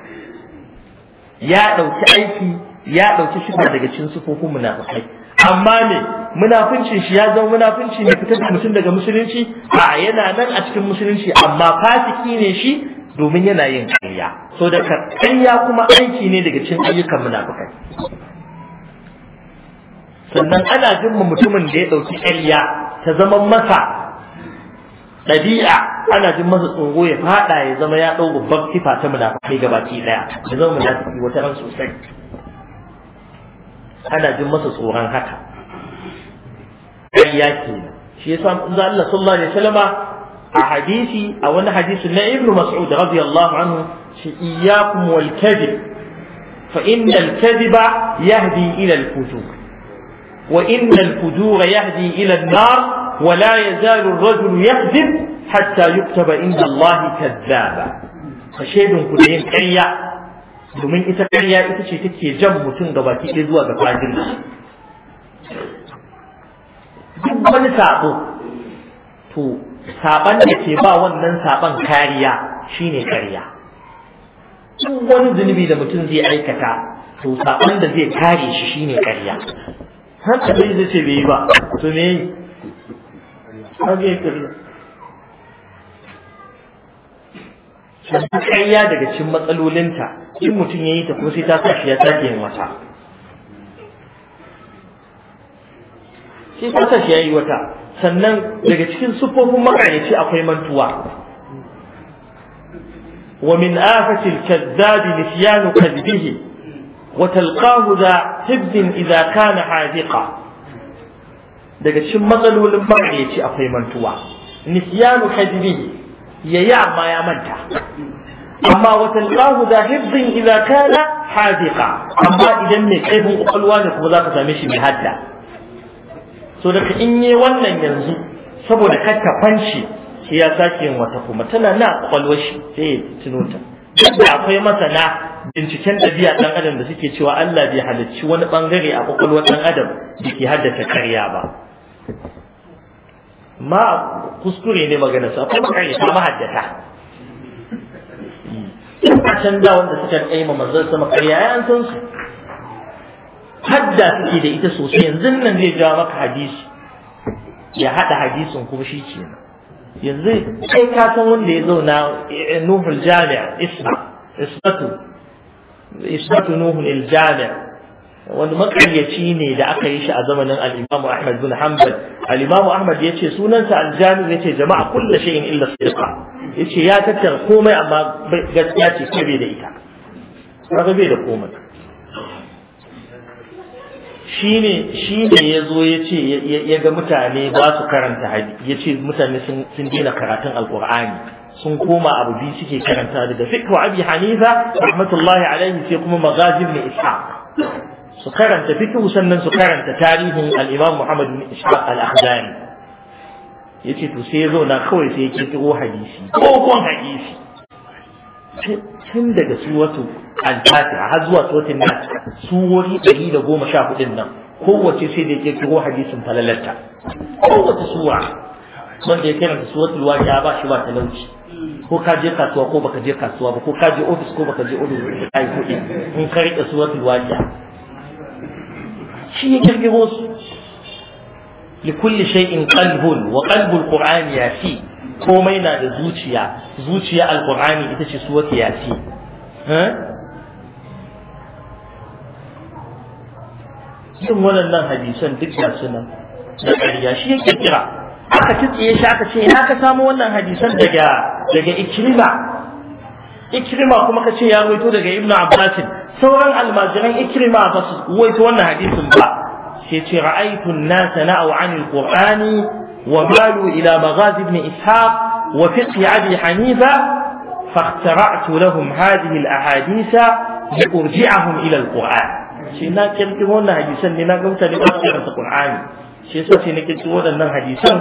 A: ya ɗauki aiki ya ɗauki shiga daga cikin sufofin munafikai amma me munafincin shi ya zama munafinci ne fitar da mutum daga musulunci a yana nan a cikin musulunci amma fasiki ne shi domin yana yin karya, so da kanya kuma aiki ne daga cikin ayyukan munafikai sannan ana jin mutumin da ya ɗauki ƙarya ta zama masa ɗabi'a ana jin masa tsoro ya faɗa ya zama ya ɗau babbar sifa ta munafikai gabaki ɗaya ya zama munafiki wata ran sosai ana jin masa tsoron haka ƙarya kenan shi yasa manzo Allah sallallahu alaihi wasallam a hadisi a wani hadisi na Ibn Mas'ud radiyallahu anhu shi iyyakum wal kadhib fa innal kadhiba yahdi ila al fujur wa innal fujura yahdi ila an nar wa la yazal ar rajul yakdhib hatta yuktaba inda عند kadhaba fa shaydun كلهم كريه domin ita ƙarya ita ce take jan mutum ga baki ɗaya zuwa ga fajin duk wani sabo to saɓon da ke ba wannan saɓon kariya shine ƙarya duk wani zunubi da mutum zai aikata to saɓon da zai kare shi shine ƙarya har ta zai ce bai yi ba to me yi sannan kaiya daga cikin matsalolinta in mutum ya yi ta kuma sai ta sa shi ya sake yin wata sai ta sa shi ya yi wata sannan daga cikin sufofin makayaci akwai mantuwa Wa min ومن da الكذاب نسيان wa وتلقاه da hibdin إذا kana حاذقا daga cikin matsalolin ce akwai mantuwa nisyanu kadhibihi yayi amma ya manta amma wata lahu da hibbin ila kana hadiqa amma idan mai kaifin kwakwalwa ne kuma za ka same shi mai hadda so daga in yi wannan yanzu saboda kar ta shi ya sake yin wata kuma tana na kwakwalwar shi sai ya tuno duk da akwai masana binciken ɗabi'a ɗan adam da suke cewa Allah bai halicci wani ɓangare a kwakwalwar ɗan adam da ke haddasa karya ba ma kuskure ne magana su akwai makarita mahaddata a can da wanda suka kai ma manzon sama ƙarya ya an san su hadda suke da ita sosai yanzu nan zai jawo maka hadisi ya haɗa hadisin kuma shi nan. yanzu kai ka san wanda ya zauna eh, nuhul jami'a isma ismatu ismatu nuhul jami'a wani makaryaci ne da aka yi shi a zamanin al-Imam Ahmad bin Hanbal al-Imam Ahmad yace sunansa al-Jami yace jama'a kullu shay'in illa sidqa yace ya tattara komai amma gaskiya ce ce bai da ita kaga bai da komai shine shine yazo yace ya ga mutane ba su karanta hadisi yace mutane sun sun dina karatun al-Qur'ani sun koma abu biyu suke karanta daga fiqh Abi Hanifa rahmatullahi alaihi sai kuma magazin ibn Ishaq su karanta fikihu sannan su karanta tarihin al-Imam Muhammad bin Ishaq al-Ahdani yace to sai yazo na kawai sai yake kiro hadisi Ko kokon hadisi tun daga suwatu al-Fatiha har zuwa suwatin Nas suwori 114 din nan kowace sai da yake kiro hadisin falalarta kowace suwa wanda ya karanta suwatul waqi'a ba shi ba talauci ko ka je kasuwa ko baka je kasuwa ba ko ka je ofis ko baka je ofis ba yi kuɗi in ka rike suwatul waqi'a shi ya kirkiro su likulli shay'in qalbun wa qalbul qur'ani yasi komai na da zuciya zuciya alqur'ani ita ce suwat yasi eh? yin wannan hadisan duk da suna da ƙarya shi ya kirkira aka tsitsiye shi aka ce ina ka samu wannan hadisan daga daga ikrima ikrima kuma ka ce ya rawaito daga ibnu abbasin sauran almajiran ikirma ba su wai ta wannan hadisin ba sai ce ra'aitun na sana'au an al-qur'ani wa ila maghaz ibn ishaq wa fiqh abi hanifa fa ikhtara'tu lahum hadhihi al-ahadisa li urji'ahum ila al-qur'an shi na kirki wannan hadisan ne na gamta ne ba ta qur'ani shi sai na kirki wannan hadisan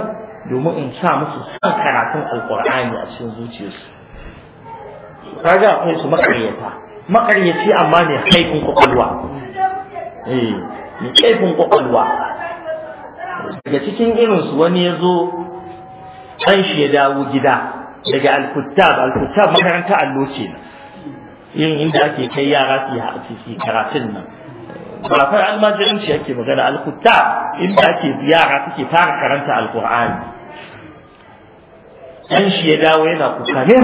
A: domin in sa musu son karatun al-qur'ani a cikin zuciyarsu kaga akwai su makayyata makaryaci amma mai haifin kwakwalwa eh, mai kaifin kwakwalwa daga cikin irinsu wani ya zo ɗan shi ya dawo gida daga alkuttab alkuttab makaranta allo ce nan yin inda ake kai yara su yi karatun nan ba fa almajiranci ake magana alkuttab inda ake yara suke fara karanta alqur'ani ɗan shi ya dawo yana kuka ne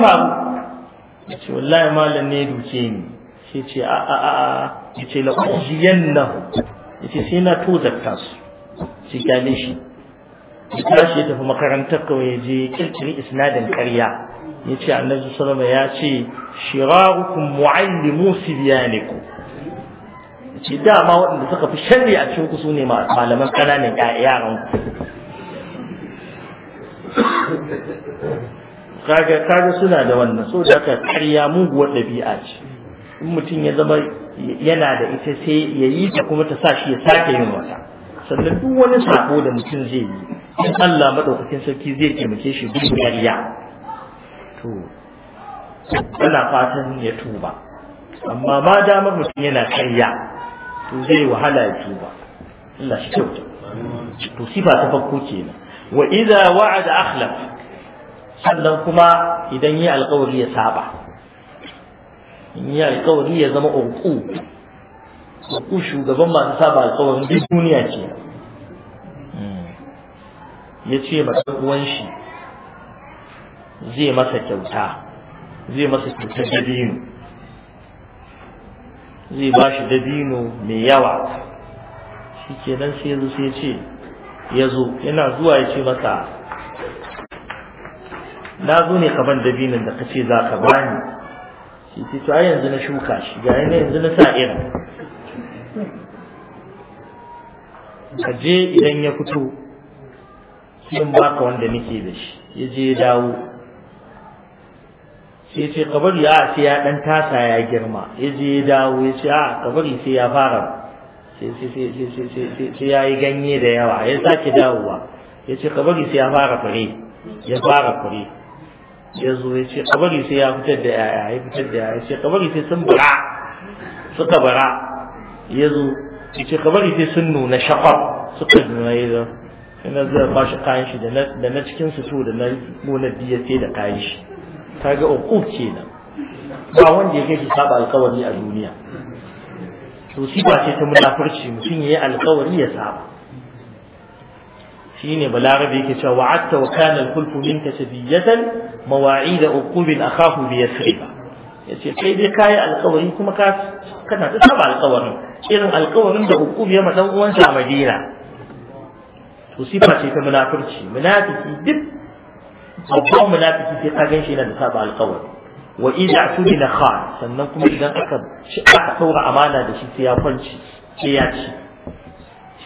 A: ya ce wallahi malam ne duke ni shi ce a a a ya ce la'ujiyan na ya ce sai na zarta su shi gane shi ya tashi ya tafi makarantar kawai ya je kirkiri isnadin karya ya ce annabi salama ya ce biya ne ku ya ce dama waɗanda suka fi shari a cikin ku su ne malaman ƙananan yaran ku kaga kaga suna da wannan so da ka ƙarya muguwar ɗabi'a ce in mutum ya zama yana da ita sai ya yi ta kuma ta sa shi ya sake yin wata sannan duk wani sako da mutum zai yi in Allah madaukakin sarki zai taimake shi duk ƙarya to ana fatan ya tuba amma ma damar mutum yana ƙarya to zai wahala ya tuba Allah shi kyauta to sifa ta farko kenan wa idza wa'ada akhlaf sannan kuma idan yi alkawari ya saba in yi alkawari ya zama uku, uku shugaban masu saba alkawarin duk duniya ce hmm. ya ce masu uwan shi zai masa kyauta zai masa kyauta dabino zai ba shi dabino mai yawa shi kenan sai ya zo sai ya ce ya zo yana zuwa ya ce masa na zo ne ka ban dabinin da kace za ka bani shi ce to a yanzu na shuka shi ga yana yanzu na sa irin ka je idan ya fito sun baka wanda nake da shi ya je ya dawo sai ce kabari a sai ya dan tasa ya girma ya je ya dawo ya ce a kabari sai ya fara sai ya yi ganye da yawa ya sake dawowa ya ce kabari sai ya fara fure ya fara fure ya zo ya ce kabari sai ya fitar da yaya ya fitar da yaya ce kabari sai sun bara suka bara ya zo ya ce kabari sai sun nuna shafar suka nuna ya zo ina zai ba shi kayan shi da na cikin su to da na gonar biya sai da kayan shi ta ga uku na. ba wanda ya kai shi saba alkawari a duniya to shi ba ce ta munafurci mutum ya yi alkawari ya saba shine balarabi yake cewa wa'atta wa kana al-kulfu minka sabiyatan mawa'id uqubin akhahu bi yace kai dai kai alƙawari kuma ka kana da saba alƙawarin irin alƙawarin da uqub ya madan uwansa a Madina to sifa ce ta munafurci munafiki duk babban munafiki sai ka ganshi yana da saba alƙawari wa idza tudina khan sannan kuma idan aka aka saura amana da shi sai ya kwanci sai ya ci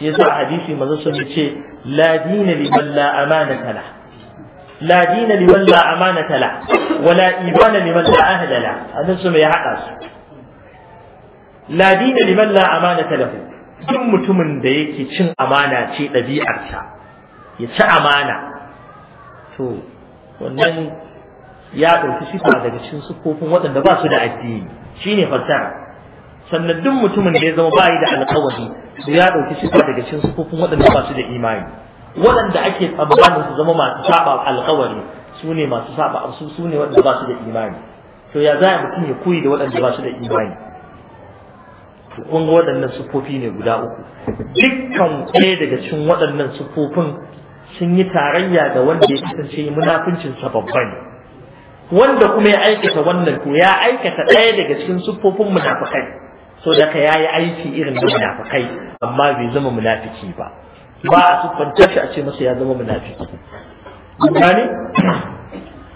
A: shi yasa hadisi manzo sun ce la dina liman la amanata la la dina liman la amanata la wala ibana liman la ahla la annan su mai hada su la dina liman la amanata lahu duk mutumin da yake cin amana ce ɗabi'arsa ya ci amana to wannan ya ɗauki sifa daga cikin sukofin waɗanda ba su da addini shine fassara sannan duk mutumin da ya zama bayi da alƙawari da ya ɗauki sifa daga cikin sufofin waɗanda ba su da imani waɗanda ake tsammanin su zama masu saba alƙawari su ne masu saba su su ne waɗanda ba su da imani to ya za mutum ya koyi da waɗanda ba su da imani to kun ga waɗannan sufofi ne guda uku dukkan ɗaya daga cikin waɗannan sufofin sun yi tarayya ga wanda ya kasance munafincin sa babban. wanda kuma ya aikata wannan to ya aikata ɗaya daga cikin sufofin munafikai so da ka yayi aiki irin da munafikai amma bai zama munafiki ba ba a siffanta shi a ce masa ya zama munafiki gane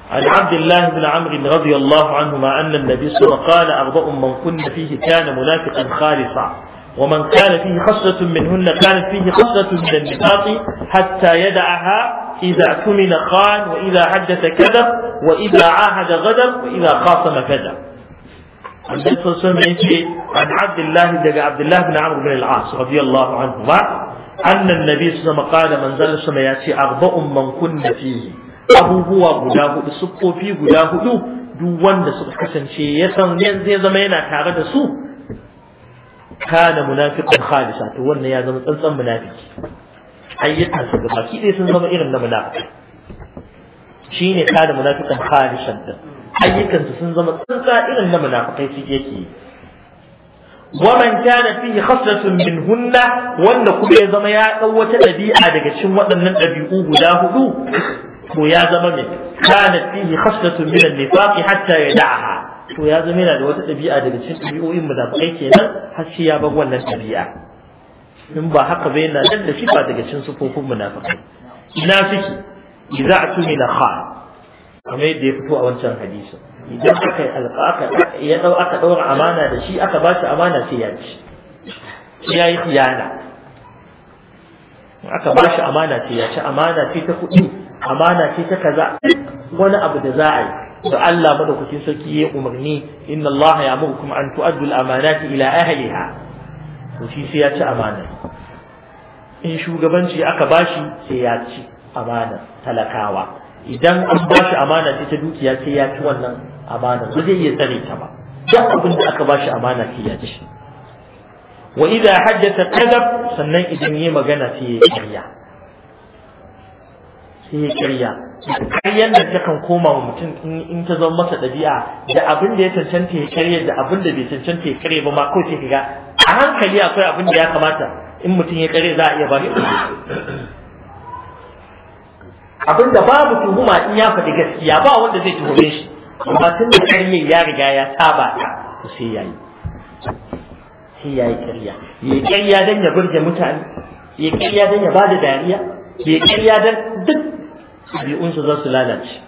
A: عن عبد الله بن عمرو رضي الله عنهما أن النبي صلى الله عليه وسلم قال أربع من كن فيه كان منافقا خالصا ومن كان فيه خصلة منهن كانت فيه خصلة من النفاق حتى يدعها إذا اعتمن خان وإذا حدث كذب وإذا عاهد غدر وإذا خاصم كذب Annabi sallallahu alaihi yace an Abdullah daga Abdullah bin Amr bin al-As radiyallahu anhu ba anna annabi sallallahu alaihi wasallam qala man yace arba'un man kunna abubuwa guda hudu siffofi guda hudu duk wanda suka kasance ya san zai zama yana tare da su kana munafiqan khalisa to wannan ya zama tsantsan munafiki ayyukan su gaba ki dai sun zama irin na munafiki shine kana munafiqan khalisan ayyukansu sun zama tsantsa irin na munafakai su yake waman kana fihi khaslatun min hunna wanda kuma ya zama ya dau wata dabi'a daga cikin waɗannan dabi'u guda hudu to ya zama ne kana fihi khaslatun min an-nifaqi hatta yad'aha to ya zama yana da wata ɗabi'a daga cikin dabi'o'in munafakai kenan har shi ya bar wannan dabi'a in ba haka ba yana da sifa daga cikin sufofin munafakai. ina suke idza atumila kha kamar yadda ya fito a wancan hadisin idan aka aka ya dau aka daura amana da shi aka ba shi amana sai ya ci ya yi khiyana aka ba shi amana sai ya ci amana sai ta kuɗi amana sai ta kaza wani abu da za a yi da Allah madaukakin sarki ya umarni inna Allah ya kuma an tu'addu al-amanati ila ahliha to shi sai ya ci amana in shugabanci aka bashi sai ya ci amana talakawa idan an ba shi amana ita dukiya sai ya ci wannan amana ba zai iya tsare ta ba duk abin da aka ba shi amana sai ya ci wa idza hajjata kadab sannan idan yayi magana sai ya karya sai ya karya karyan da ta kan koma wa mutum in ta zama masa dabi'a da abin da ya cancanta ya karya da abin da bai cancanta ya karya ba ma ko sai kiga. a hankali akwai abin da ya kamata in mutum ya karya za a iya ba shi abinda babu tuhuma in ya faɗi gaskiya ba wanda zai tuhume shi amma tun da ƙaryar ya riga ya saba ta to sai ya yi sai ya yi ƙarya ya ƙarya don ya burge mutane ya ƙarya don ya bada dariya ya ƙarya don duk ɗabi'unsa za su lalace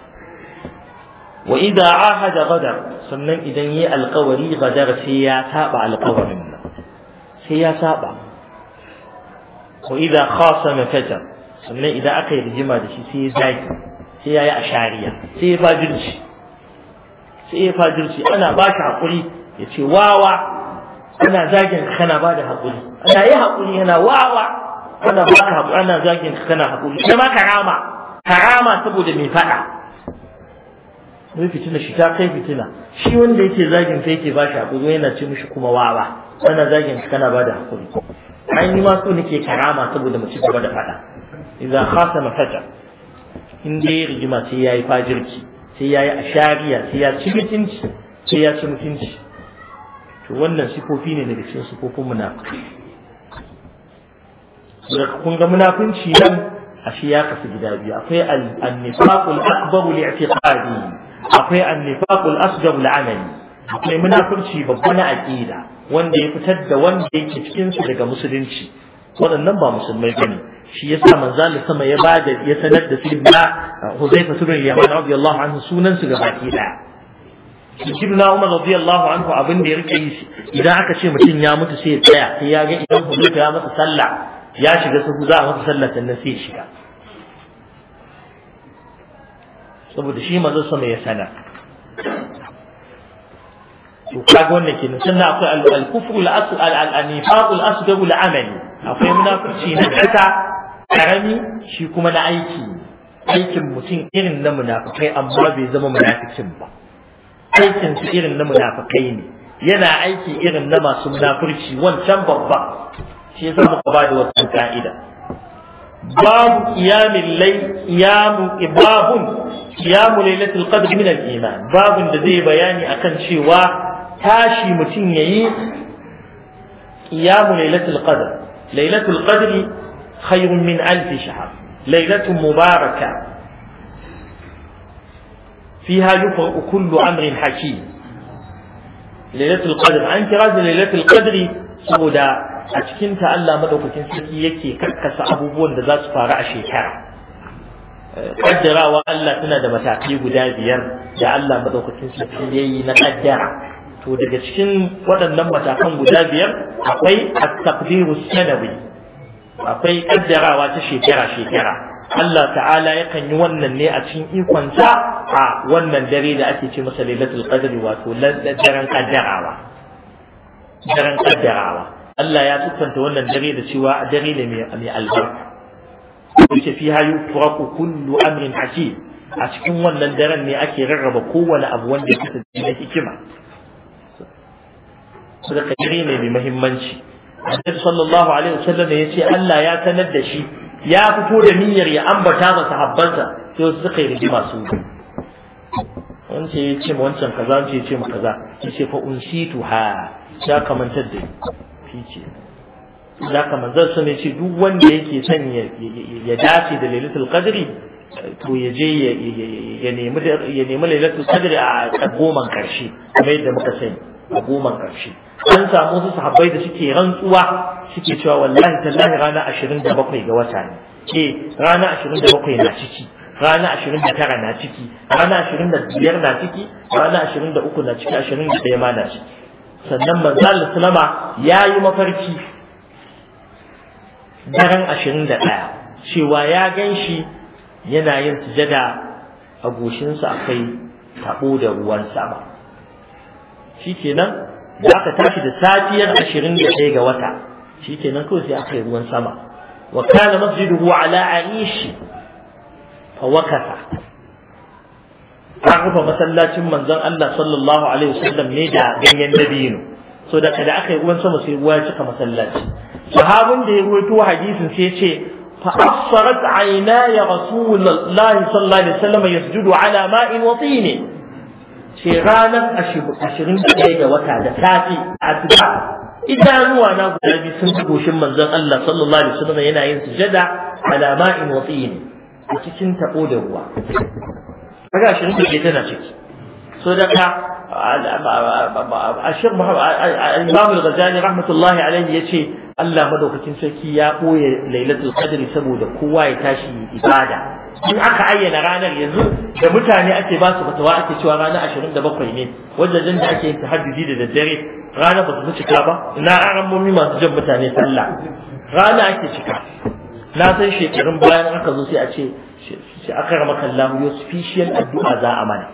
A: wa idza ahada ghadar sannan idan yi alƙawari ghadar sai ya saba alƙawarin sai ya saba wa idza khasama fajar sannan idan aka yi rigima da shi sai ya zaki sai ya yi a shariya sai ya fajirci sai ya fajirci ana ba shi haƙuri ya ce wawa ana zagin ka kana ba da haƙuri ana yi haƙuri yana wawa ana ba ka haƙuri ana zagin ka kana haƙuri ita ma karama karama saboda mai faɗa Mai fitina shi ta kai fitina shi wanda yake zagin ka yake ba shi haƙuri yana ce mishi kuma wawa ana zagin ka kana ba da haƙuri ai ni ma so nake karama saboda mace gaba da faɗa idan khasa mafaja in ya rigima sai ya yi fajirci sai ya yi a shariya, sai ya ci mutunci sai ya ci mutunci to wannan sifofi ne daga cikin sifofin munafiki kun ga munafunci nan ashe ya kasu gida biyu akwai an-nifaqul akbar li'tiqadi akwai an-nifaqul asghar li'amali akwai munafurci babba na aqida wanda ya fitar da wanda yake cikin su daga musulunci waɗannan ba musulmai bane shi yasa manzo Allah sama ya bada ya sanar da su sayyidina Hudayfa ibn Yaman radiyallahu anhu sunan su gabaki daya Ibn Umar radiyallahu anhu abin da yake yi idan aka ce mutum ya mutu sai ya tsaya sai ya ga idan Hudayfa ya masa sallah ya shiga sahu za a masa sallah sannan sai ya shiga saboda shi manzo sama ya sanar to kaga wannan kenan sannan akwai al-kufru al-asghar al-nifaq al-asghar al-amali akwai munafiki na kaka ƙarami shi kuma na aiki aikin mutum irin na munafukai amma bai zama munafikin ba aikin su irin na munafukai ne yana aiki irin na masu munafurci wancan babba shi yasa muka ba da wata ka'ida babu qiyamil lay qiyamu ibabun lailatul qadr min al-iman babun da zai bayani akan cewa tashi mutum yayi qiyamu lailatul qadr lailatul qadr khayrun min alfi shahr lailatun mubaraka fiha yufra'u kullu amrin hakim lailatul qadr an kira da lailatul qadri saboda a cikin ta Allah madaukakin sarki yake karkasa abubuwan da za su faru a shekara kaddarawa Allah tana da matakai guda biyar da Allah madaukakin sarki yayi na kaddara to daga cikin waɗannan matakan guda biyar akwai at-taqdiru akwai kaddarawa ta shekara shekara Allah ta'ala yakan yi wannan ne a cikin ikonsa a wannan dare da ake ce masa lailatul qadri wato daren kaddarawa daren kaddarawa Allah ya tuffanta wannan dare da cewa dare ne mai albarka yace fi hayu turaku kullu amrin hakim a cikin wannan daren ne ake rarraba kowane abu wanda ya kasance na hikima saboda dare ne mai muhimmanci Annabi sallallahu alaihi wasallam ya ce Allah ya sanar da shi ya fito da niyyar ya ambata masa habbansa sai wasu suka yi rigima su wancan ya ce wancan kaza wancan ya ce ma kaza ya ce fa unsitu ha ya kamanta da shi ce za ka manzar su ne ce duk wanda yake son ya dace da lailatul qadri to ya je ya nemi lailatul qadri a goman karshe kamar yadda muka sani a goman karshe an samu wasu sahabbai da suke rantsuwa suke cewa wallahi tallahi rana ashirin da bakwai ga wata ne ke eh, rana ashirin da bakwai na ciki rana ashirin da tara na ciki rana ashirin da biyar na ciki rana ashirin da uku na ciki ashirin da ɗaya ma na ciki sannan manzal sulama ya yi mafarki daren ashirin da ɗaya cewa ya gan shi yana yin sujada a goshinsa akwai taɓo da ruwan sama shi kenan da aka tashi da safiyar ashirin da ɗaya ga wata shi kenan kawai sai aka yi ruwan sama wa kana masjiduhu ala aishi fa wakasa an rufe masallacin manzon Allah sallallahu alaihi wasallam ne da ganyen dabino so da kada aka yi ruwan sama sai ruwa cika masallaci sahabin da ya ruwaito hadisin sai ce fa absarat ayna ya rasulullahi sallallahu alaihi wasallam yasjudu ala ma'in wa tinin ce ranar ashirin da ɗaya da wata da safi asuba idanuwa na guda biyu sun fi goshin manzon Allah sallallahu alaihi wasallam yana yin sujada ala ma'in wa a cikin tabo da ruwa kaga ashirin da ke tana ciki so da ka ashir Imam al-Ghazali rahmatullahi alaihi yace Allah madaukakin sarki ya boye Lailatul Qadr saboda kowa ya tashi ibada in aka ayyana ranar yanzu da mutane ake ba su fatawa ake cewa ranar ashirin da bakwai ne wajajen da ake yin tahajjudi da daddare ranar ba su cika ba na aran masu jan mutane sallah rana ake cika na san shekarun bayan aka zo sai a ce sai aka rama kallahu yo addu'a za a mana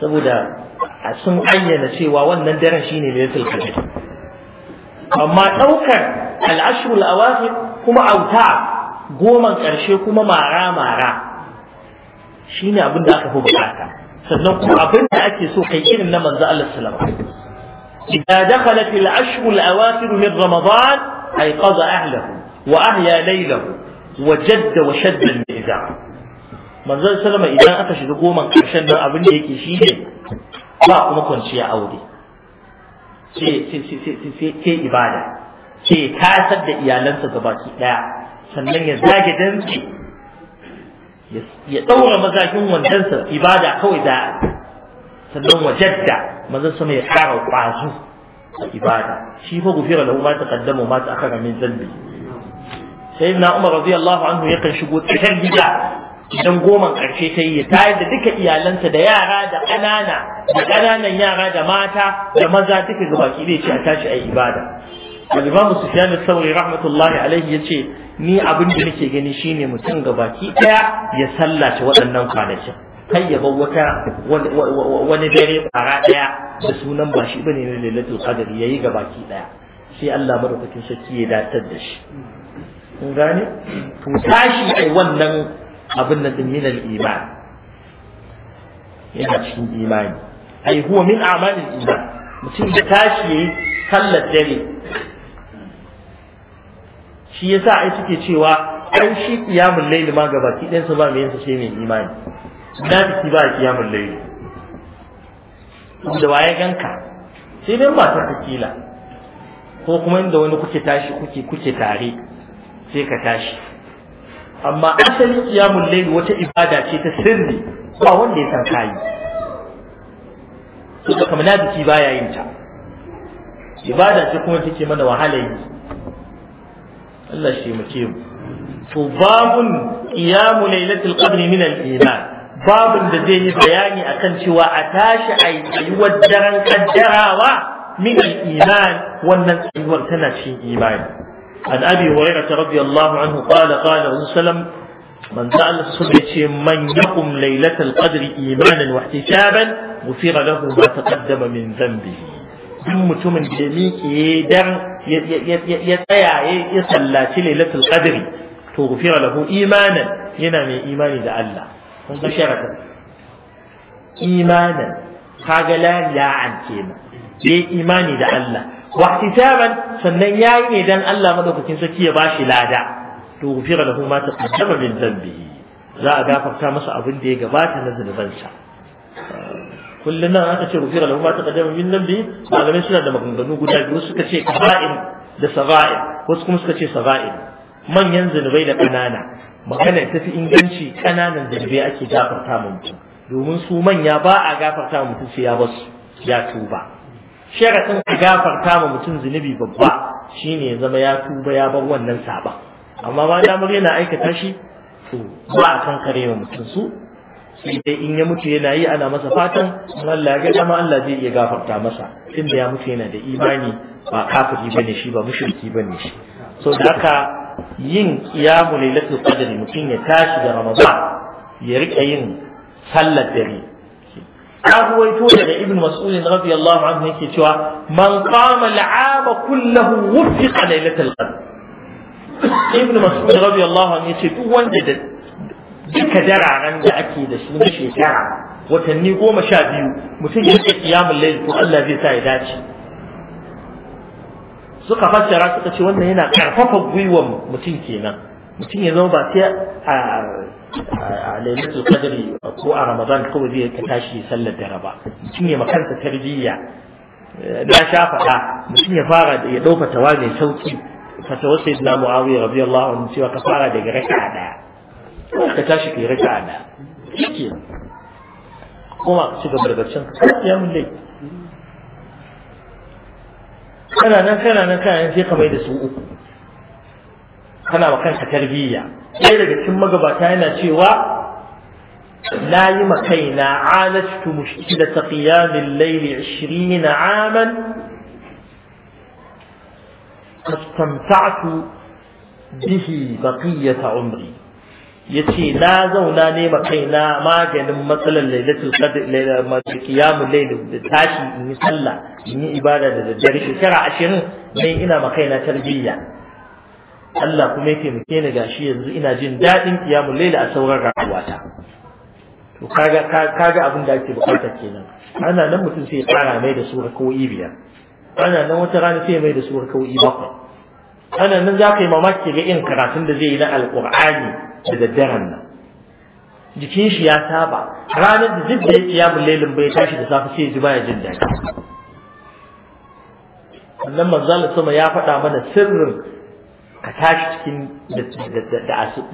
A: saboda a sun ayyana cewa wannan daren shine ne sulkaje amma ɗaukar al-ashrul awakhir kuma auta goma karshe kuma mara mara shine abin da aka fi bukata sannan kuma abin da ake so kai irin na manzo Allah sallallahu alaihi wasallam إذا دخلت العشر الأواخر من رمضان أيقظ أهله وأحيا ليله وجد وشد المئزار من ذا سلم إذا أتش دقوما كرشن أبن ديك شيء ba kuma kwanciya aure sai ibada sai tasar da iyalansa ki daya sannan ya zage dantse ya ɗaura mazakin wandonsa ibada kawai da sannan wajadda maza sama ya ƙara ƙwazo a ibada shi fa gufira lahu ma taqaddama ma ta'akhkhara min dhanbi sayyidina umar radiyallahu anhu kan shigo cikin gida idan goma ƙarshe ta yi ya tayar da duka iyalansa da yara da ƙanana da ƙananan yara da mata da maza duka gabaki zai ce a tashi a ibada al-imam sufyan al-thawri rahmatullahi alaihi yace ni abin da nake gani shine mutum ga baki daya ya sallace waɗannan kwanakin kai ya bar wata wani dare kwara daya da sunan ba shi bane na lailatul qadr yayi ga baki daya sai Allah madaukakin sarki ya datar da shi kun gane to tashi ai wannan abin na min al iman yana cikin imani ai huwa min a'malil iman mutum da tashi yayi sallar dare shi yasa ai suke cewa ai shi qiyamul layl ma ga baki ɗansa ba mai yansa sai mai imani da ki ba qiyamul layl da waye ganka sai dai matar ka kila ko kuma inda wani kuke tashi kuke kuke tare sai ka tashi amma asalin qiyamul layl wata ibada ce ta sirri ba wanda ya san kai to kamar da ba baya yin ta ibada ce kuma take mana wahala yi Allah shi mu ce mu to babun qiyamu lailatul qadri min al-iman babun da zai yi bayani akan cewa a tashi ayyuwar daren kaddarawa min al-iman wannan tsayuwar tana cikin imani عن أبي هريرة رضي الله عنه قال قال رسول الله وسلم من سأل صبح من يقم ليلة القدر إيمانا واحتسابا غفر له ما تقدم من ذنبه duk mutumin da ya ya tsaya ya sallaci lailatul qadri to gufira lahu imanan yana mai imani da Allah kun ga sharaɗin imanan kaga la la'an kenan yayi imani da Allah wa ihtisaban sannan yayi ne dan Allah madaukakin sarki ya bashi lada to gufira lahu ma taqaddama min dhanbihi za a gafarta masa abin da ya gabata na zunubansa kullum nan aka ce rufira lahu ma taqaddama min dhanbi malamai suna da maganganu guda biyu suka ce kaba'in da saba'in wasu kuma suka ce saba'in manyan zunubai da ƙanana. magana ta fi inganci kananan zunubai ake gafarta ma mutum domin su manya ba a gafarta ma mutum sai ya basu ya tuba sharaɗin a gafarta ma mutum zunubi babba shine ya zama ya tuba ya bar wannan saba amma ba damar yana aikata shi to ba a kan kare mutum su sai in ya mutu yana yi ana masa fatan in Allah ya ga Allah zai iya gafarta masa tunda ya mutu yana da imani ba kafiri bane shi ba mushriki bane shi so da haka yin qiyamul lailatul qadr mutum ya tashi da ramadan ya rika yin sallar dare wai ruwaito daga ibn mas'ud radiyallahu anhu yake cewa man qama al'ama kullahu wuffiqa lailatul qadr ibn mas'ud radiyallahu anhu yace duk wanda da duka dararen da ake da su na shekara watanni goma sha biyu mutum ya ce kiyamun laili ko Allah zai sa ya dace suka fassara suka ce wannan yana karfafa gwiwar mutum kenan mutum ya zama ba sai a lailatul qadri ko a ramadan kawai zai ka tashi sallar da raba. mutum ya makansa tarbiyya na sha faɗa mutum ya fara ya ɗauka tawa mai sauki fatawar sayyidina muawiya radiyallahu anhu cewa ka fara daga raka'a daya ka tashi ka yi raka'a na yake kuma ka ci da baccin ya mun dai kana nan kana nan kana nan sai ka mai da su uku kana ma kanka tarbiyya sai daga cikin magabata yana cewa la yi لا يمكينا عالجت مشكلة قيام الليل 20 عاما فاستمتعت به بقية عمري ya ce na zauna ne ma kaina maganin matsalar lailatul qadr lailatul lailu da tashi in yi sallah in yi ibada da daddare shekara ashirin ne ina ma kaina tarbiyya Allah kuma yake muke ni gashi yanzu ina jin daɗin kiyamu lailu a sauran rayuwata to kaga kaga abin da ake bukata kenan ana nan mutum sai ya fara mai da sura ko biyar ana nan wata rana sai mai da sura ko bakwai ana nan za ka yi mamaki ga irin karatun da zai yi na alƙur'ani da daddaren nan jikin shi ya saba ranar da duk da ya kiyamun lailin bai tashi da safe sai ya ji baya jin daɗi wannan Allah sama ya faɗa mana sirrin ka tashi cikin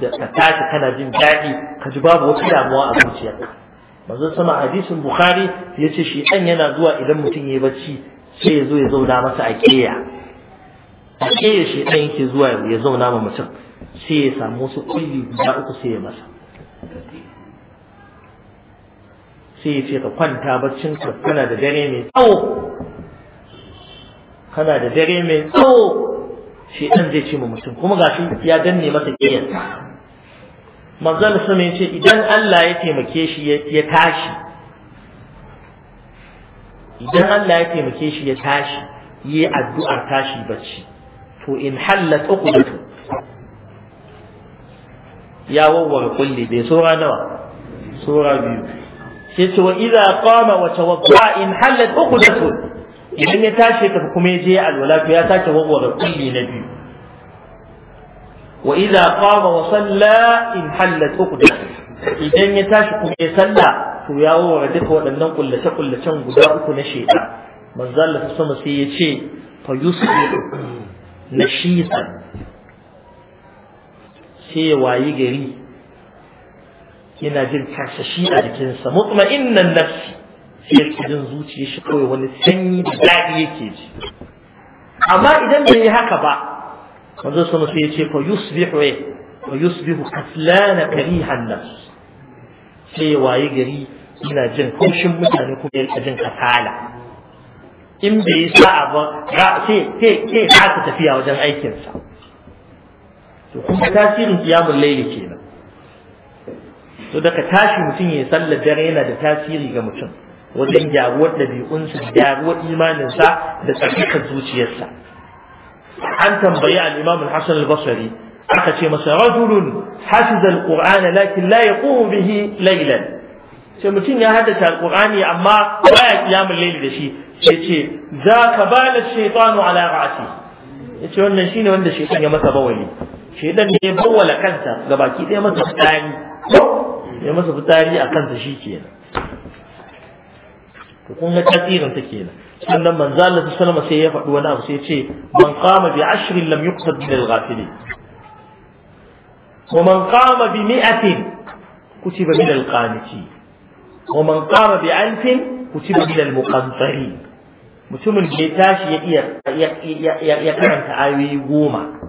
A: da tashi kana jin daɗi ka ji babu wata damuwa a zuciyarka manzo sama hadisin bukhari ya ce shi ɗan yana zuwa idan mutum ya yi bacci sai ya zo ya zauna masa a keya take ya shi ɗan yake zuwa ya zauna ma mutum sai ya samu wasu ƙulli guda uku sai ya masa sai ya ce ka kwanta baccin ka kana da dare mai tsawo kana da dare mai tsawo shi ɗan zai ce ma mutum kuma ga shi ya danne masa ƙiyar manzon sama ya ce idan Allah ya taimake shi ya tashi idan Allah ya taimake shi ya tashi yi addu'ar tashi bacci to in hallat uqdatu ya wawwar kulli bai sura nawa sura biyu sai ce wa idza qama wa tawadda in hallat uqdatu idan ya tashi ka kuma ya je alwala to ya sake wawwar kulli na biyu wa idza qama wa salla in hallat uqdatu idan ya tashi kuma ya salla to ya wawwar duka waɗannan kullace kullacen guda uku na sheda manzo Allah sai ya ce fa yusbihu nashitan sai ya wayi gari yana jin karsashi a jikinsa mutma'innan nafsi sai ya jin zuciya shi kawai wani sanyi da daɗi yake ji amma idan bai yi haka ba manzo sama sai ya ce fa yusbihu wa eh, yusbihu kaslana karihan nafs sai ya wayi gari yana jin haushin mutane kuma ya jin kasala in bai sa'a ba sai sai sai tafiya wajen aikinsa to kuma tasirin qiyamul layli kenan to daga tashi mutum ya sallar dare yana da tasiri ga mutum wajen gyaruwar ɗabi'unsa da gyaruwar imaninsa da tsarkakar zuciyarsa an tambayi al-imam al-hasan al-basri aka ce masa rajulun hafiza al-qur'ana lakin la yaqumu bihi laylan sai mutum ya haddace al-qur'ani amma baya qiyamul layli da shi yace za ka ba bala shaytanu ala ra'si ce wannan shine wanda shaytan ya masa bawali shaytan ne ya bawala kanta ga baki ɗaya masa fitari ya masa fitari a kansa shi kenan to kun ga tasirin ta kenan sannan manzo Allah sallallahu sai ya faɗi wani abu sai ya ce man qama bi ashrin lam yuqsad min al-ghafilin ومن قام بمئة كتب من القانتين ومن قام بألف كتب من المقنطرين mutumin da ya tashi ya iya ya karanta ayoyi goma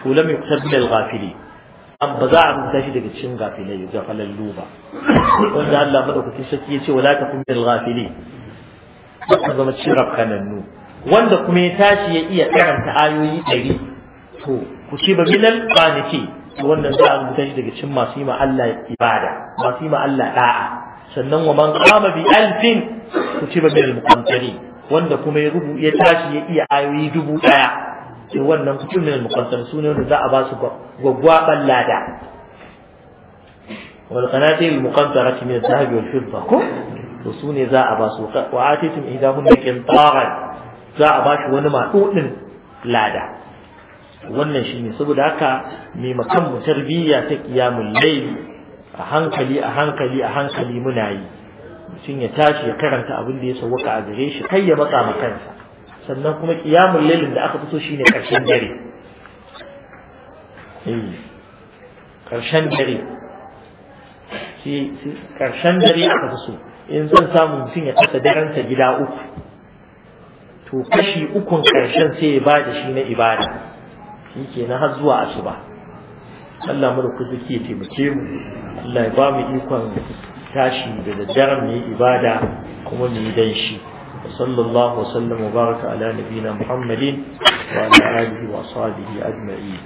A: to lam yuqtab min al-ghafili ba za a rubuta shi daga cikin gafilai gafalallu ba wanda Allah madaukakin sarki ya ce wala takun min al-ghafili ka zama cikin kanannu. wanda kuma ya tashi ya iya karanta ayoyi ɗari to ku ci ba milal qaniti wannan za a rubuta shi daga cikin masu yi ma Allah ibada masu yi ma Allah da'a sannan wa man qama bi alfin ku ci ba milal muqantari wanda kuma ya rubu ya tashi ya iya ayoyi dubu daya ce wannan mutum ne mukaddar sunan da za a ba su gwaggwaban lada wal qanatir al muqaddarati min al dhahab wal fidda ko to sune za a ba su wa atitum idahun qintaran za a ba shi wani madudin lada wannan shine saboda haka mai makan mu tarbiyya ta qiyamul layl a hankali a hankali a hankali muna yi sun ya tashi ya karanta abin da ya sauka a gare shi kai ya matsa ma kansa sannan kuma kiyamun lailin da aka fito shine karshen dare karshen eh, dare karshen dare aka fi in zan samu mutum ya kasa ta gida uku to kashi ukun karshen sai ya bada shi na ibada shi ke na har zuwa asuba Allah mu da kuzuki ya taimake mu Allah ya ba mu ikon tashi da daddare mu ibada kuma mu danshi. dan shi sallallahu wasallam wa baraka ala nabiyina muhammadin wa ala alihi wa sahbihi ajma'in